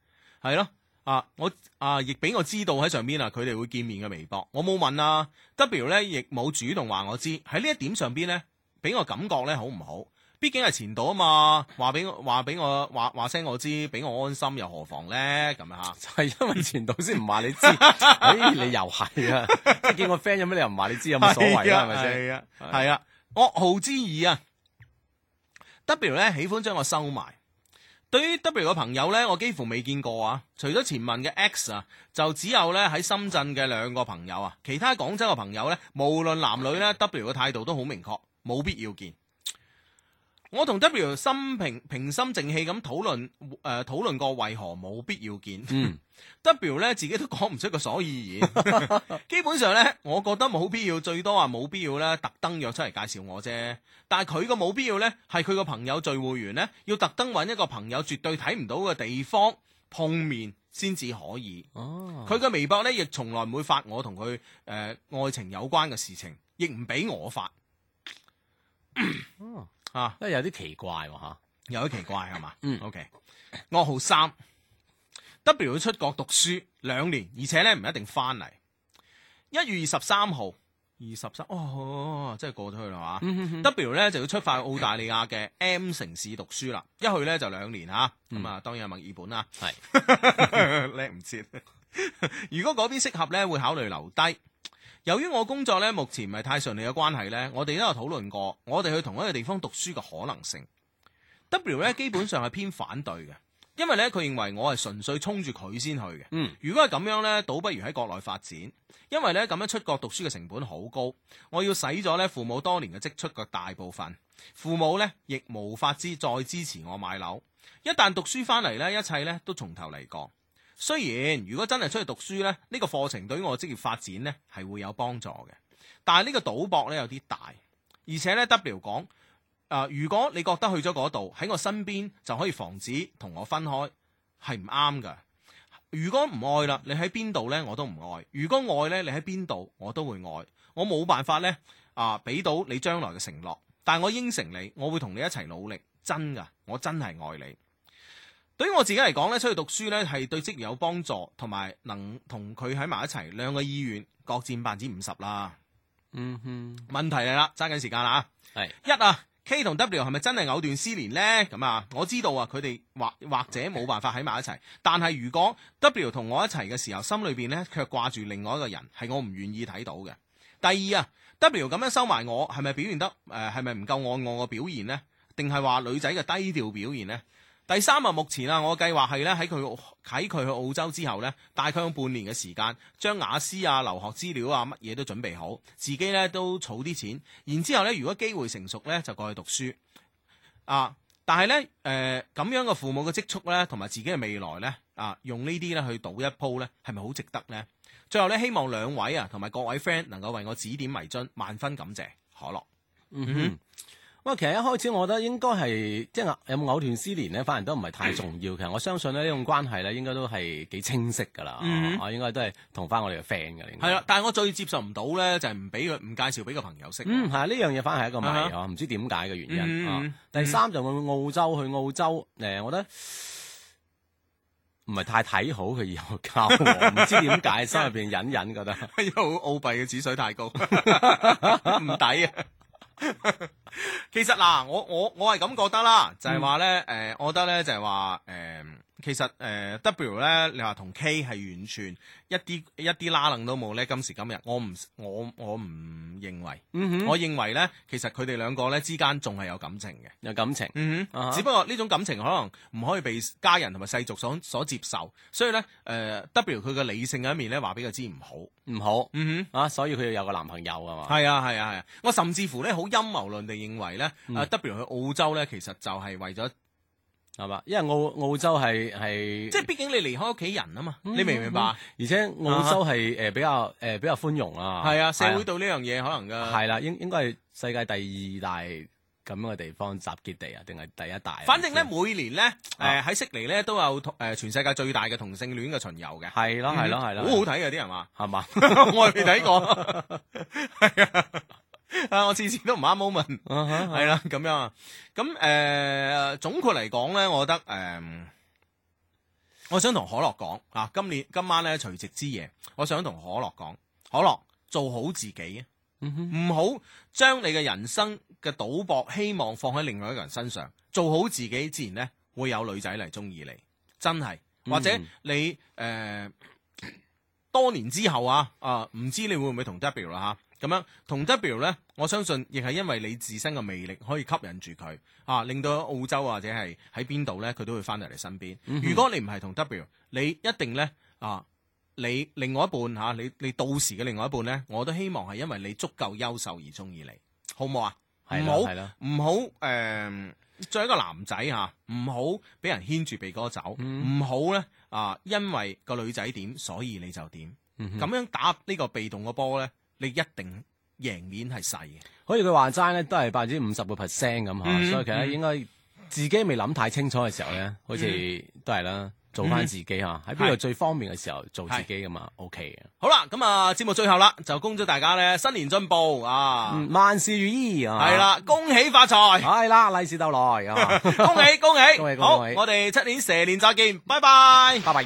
係咯。啊！我啊，亦俾我知道喺上邊啊，佢哋會見面嘅微博，我冇問啊。W 咧亦冇主動話我知，喺呢一點上邊咧，俾我感覺咧好唔好？畢竟係前度啊嘛，話俾話俾我話話聲我知，俾我安心又何妨咧？咁樣吓，就係因為前度先唔話你知，你又係啊？你見我 friend 有咩理由唔話你知有冇所謂啊，係咪先？係啊，係啊，噩耗之意啊，W 咧喜歡將我收埋。對於 W 嘅朋友咧，我幾乎未見過啊！除咗前文嘅 X 啊，就只有咧喺深圳嘅兩個朋友啊，其他廣州嘅朋友咧，無論男女咧，W 嘅態度都好明確，冇必要見。我同 W 心平平心靜氣咁討論誒，討、呃、論過為何冇必要見。嗯、W 咧自己都講唔出個所以然。 基本上咧，我覺得冇必要，最多話冇必要咧，特登約出嚟介紹我啫。但係佢個冇必要咧，係佢個朋友聚會員咧，要特登揾一個朋友絕對睇唔到嘅地方碰面先至可以。佢嘅、哦、微博咧，亦從來唔會發我同佢誒愛情有關嘅事情，亦唔俾我發。嗯哦啊，都有啲奇怪喎、啊、有啲奇怪係嘛？ okay. 嗯，OK。噩耗三，W 要出國讀書兩年，而且咧唔一定翻嚟。一月二十三號，二十三，哦，真係過咗去啦嚇。啊嗯、哼哼 w 咧就要出發澳大利亞嘅 M 城市讀書啦，一去咧就兩年吓，咁啊、嗯嗯，當然係墨爾本啦。係叻唔切， 如果嗰邊適合咧，會考慮留低。由於我工作咧目前唔係太順利嘅關係咧，我哋都有討論過，我哋去同一個地方讀書嘅可能性。W 咧基本上係偏反對嘅，因為咧佢認為我係純粹衝住佢先去嘅。嗯，如果係咁樣咧，倒不如喺國內發展，因為咧咁樣出國讀書嘅成本好高，我要使咗咧父母多年嘅積蓄嘅大部分，父母咧亦無法支再支持我買樓。一旦讀書翻嚟咧，一切咧都從頭嚟過。雖然如果真係出去讀書呢，呢、呢個課程對於我職業發展呢係會有幫助嘅，但係呢個賭博呢有啲大，而且呢 W 講啊、呃，如果你覺得去咗嗰度喺我身邊就可以防止同我分開，係唔啱噶。如果唔愛啦，你喺邊度呢？我都唔愛；如果愛呢，你喺邊度我都會愛。我冇辦法呢，啊、呃，俾到你將來嘅承諾，但我應承你，我會同你一齊努力，真噶，我真係愛你。對於我自己嚟講咧，出去讀書咧係對職業有幫助，同埋能同佢喺埋一齊，兩個意願各佔百分之五十啦。嗯哼，問題係啦，揸緊時間啦啊！係是一啊，K 同 W 係咪真係藕斷絲連呢？咁啊，我知道啊，佢哋或或者冇辦法喺埋一齊，但係如果 W 同我一齊嘅時候，心裏邊咧卻掛住另外一個人，係我唔願意睇到嘅。第二啊，W 咁樣收埋我，係咪表現得誒係咪唔夠愛我嘅表現呢？定係話女仔嘅低調表現呢？第三啊，目前啊，我嘅計劃係咧喺佢喺佢去澳洲之後呢，大概用半年嘅時間，將雅思啊、留學資料啊乜嘢都準備好，自己呢都儲啲錢，然之後咧如果機會成熟呢，就過去讀書啊。但係呢，誒、呃、咁樣嘅父母嘅積蓄呢，同埋自己嘅未來呢，啊用呢啲呢去賭一鋪呢，係咪好值得呢？最後呢，希望兩位啊同埋各位 friend 能夠為我指點迷津，萬分感謝可樂。嗯哼。嗯。不過，其實一開始我覺得應該係即係有冇藕斷絲連咧，反而都唔係太重要。嗯、其實我相信咧呢種關係咧，應該都係幾清晰噶啦。嗯、應該我應該都係同翻我哋嘅 friend 嘅。係啦、啊，但係我最接受唔到咧，就係唔俾佢唔介紹俾個朋友識。係呢樣嘢反而係一個謎嗬，唔、啊、知點解嘅原因。嗯啊、第三就是、澳洲，去澳洲誒、呃，我覺得唔係太睇好佢以後交，唔 知點解心入邊隱隱覺得， 因為澳幣嘅指水太高，唔 抵啊！ 其實嗱，我我我係咁覺得啦，就係話咧，誒、嗯呃，我覺得咧就係、係、話，誒、呃。其實誒、呃、W 咧，你話同 K 係完全一啲一啲拉楞都冇咧。今時今日，我唔我我唔認為。嗯、哼我認為咧，其實佢哋兩個咧之間仲係有感情嘅，有感情。嗯、哼只不過呢種感情可能唔可以被家人同埋世俗所所接受，所以咧，誒、呃、W 佢嘅理性嘅一面咧，話俾佢知唔好，唔好。嗯、啊，所以佢要有個男朋友係嘛？係啊，係啊，係、啊。我甚至乎咧，好陰謀論地認為咧，阿、嗯、W 去澳洲咧，其實就係為咗。係嘛？因為澳澳洲係係即係，畢竟你離開屋企人啊嘛，你明唔明白？而且澳洲係誒比較誒比較寬容啊，係啊，社會對呢樣嘢可能噶係啦，應應該係世界第二大咁樣嘅地方集結地啊，定係第一大？反正咧，每年咧，誒喺悉尼咧都有同誒全世界最大嘅同性戀嘅巡遊嘅，係咯係咯係咯，好好睇嘅啲人話，係嘛？我未睇過，係啊。 我次次都唔啱 moment，係啦咁樣，啊咁誒，總括嚟講咧，我覺得誒、呃，我想同可樂講啊，今年今晚咧除夕之夜，我想同可樂講，可樂做好自己，啊唔好將你嘅人生嘅賭博希望放喺另外一個人身上，做好自己，自然咧會有女仔嚟中意你，真係，或者你誒、呃、多年之後啊，啊，唔知你會唔會同 double 啦吓。啊咁樣同 W 呢，我相信亦係因為你自身嘅魅力可以吸引住佢啊，令到澳洲或者係喺邊度呢，佢都會翻嚟你身邊。嗯、哼如果你唔係同 W，你一定呢，啊，你另外一半吓、啊，你你到時嘅另外一半呢，我都希望係因為你足夠優秀而中意你，好冇啊？唔的好唔好誒、呃，作為一個男仔吓，啊，唔好俾人牽住鼻哥走，唔、嗯、哼好呢，啊，因為個女仔點，所以你就點咁樣、嗯、哼樣打呢個被動嘅波呢。你一定贏面係細嘅，可以佢話齋咧都係百分之五十個 percent 咁吓，所以其實應該自己未諗太清楚嘅時候咧，好似都係啦，做翻自己吓，喺邊度最方便嘅時候做自己噶嘛，OK 嘅。好啦，咁啊，節目最後啦，就恭祝大家咧新年進步啊，萬事如意啊，係啦，恭喜發財，係啦，利是逗來，恭喜恭喜，好，我哋出年蛇年再見，拜拜，拜拜。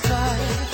我在。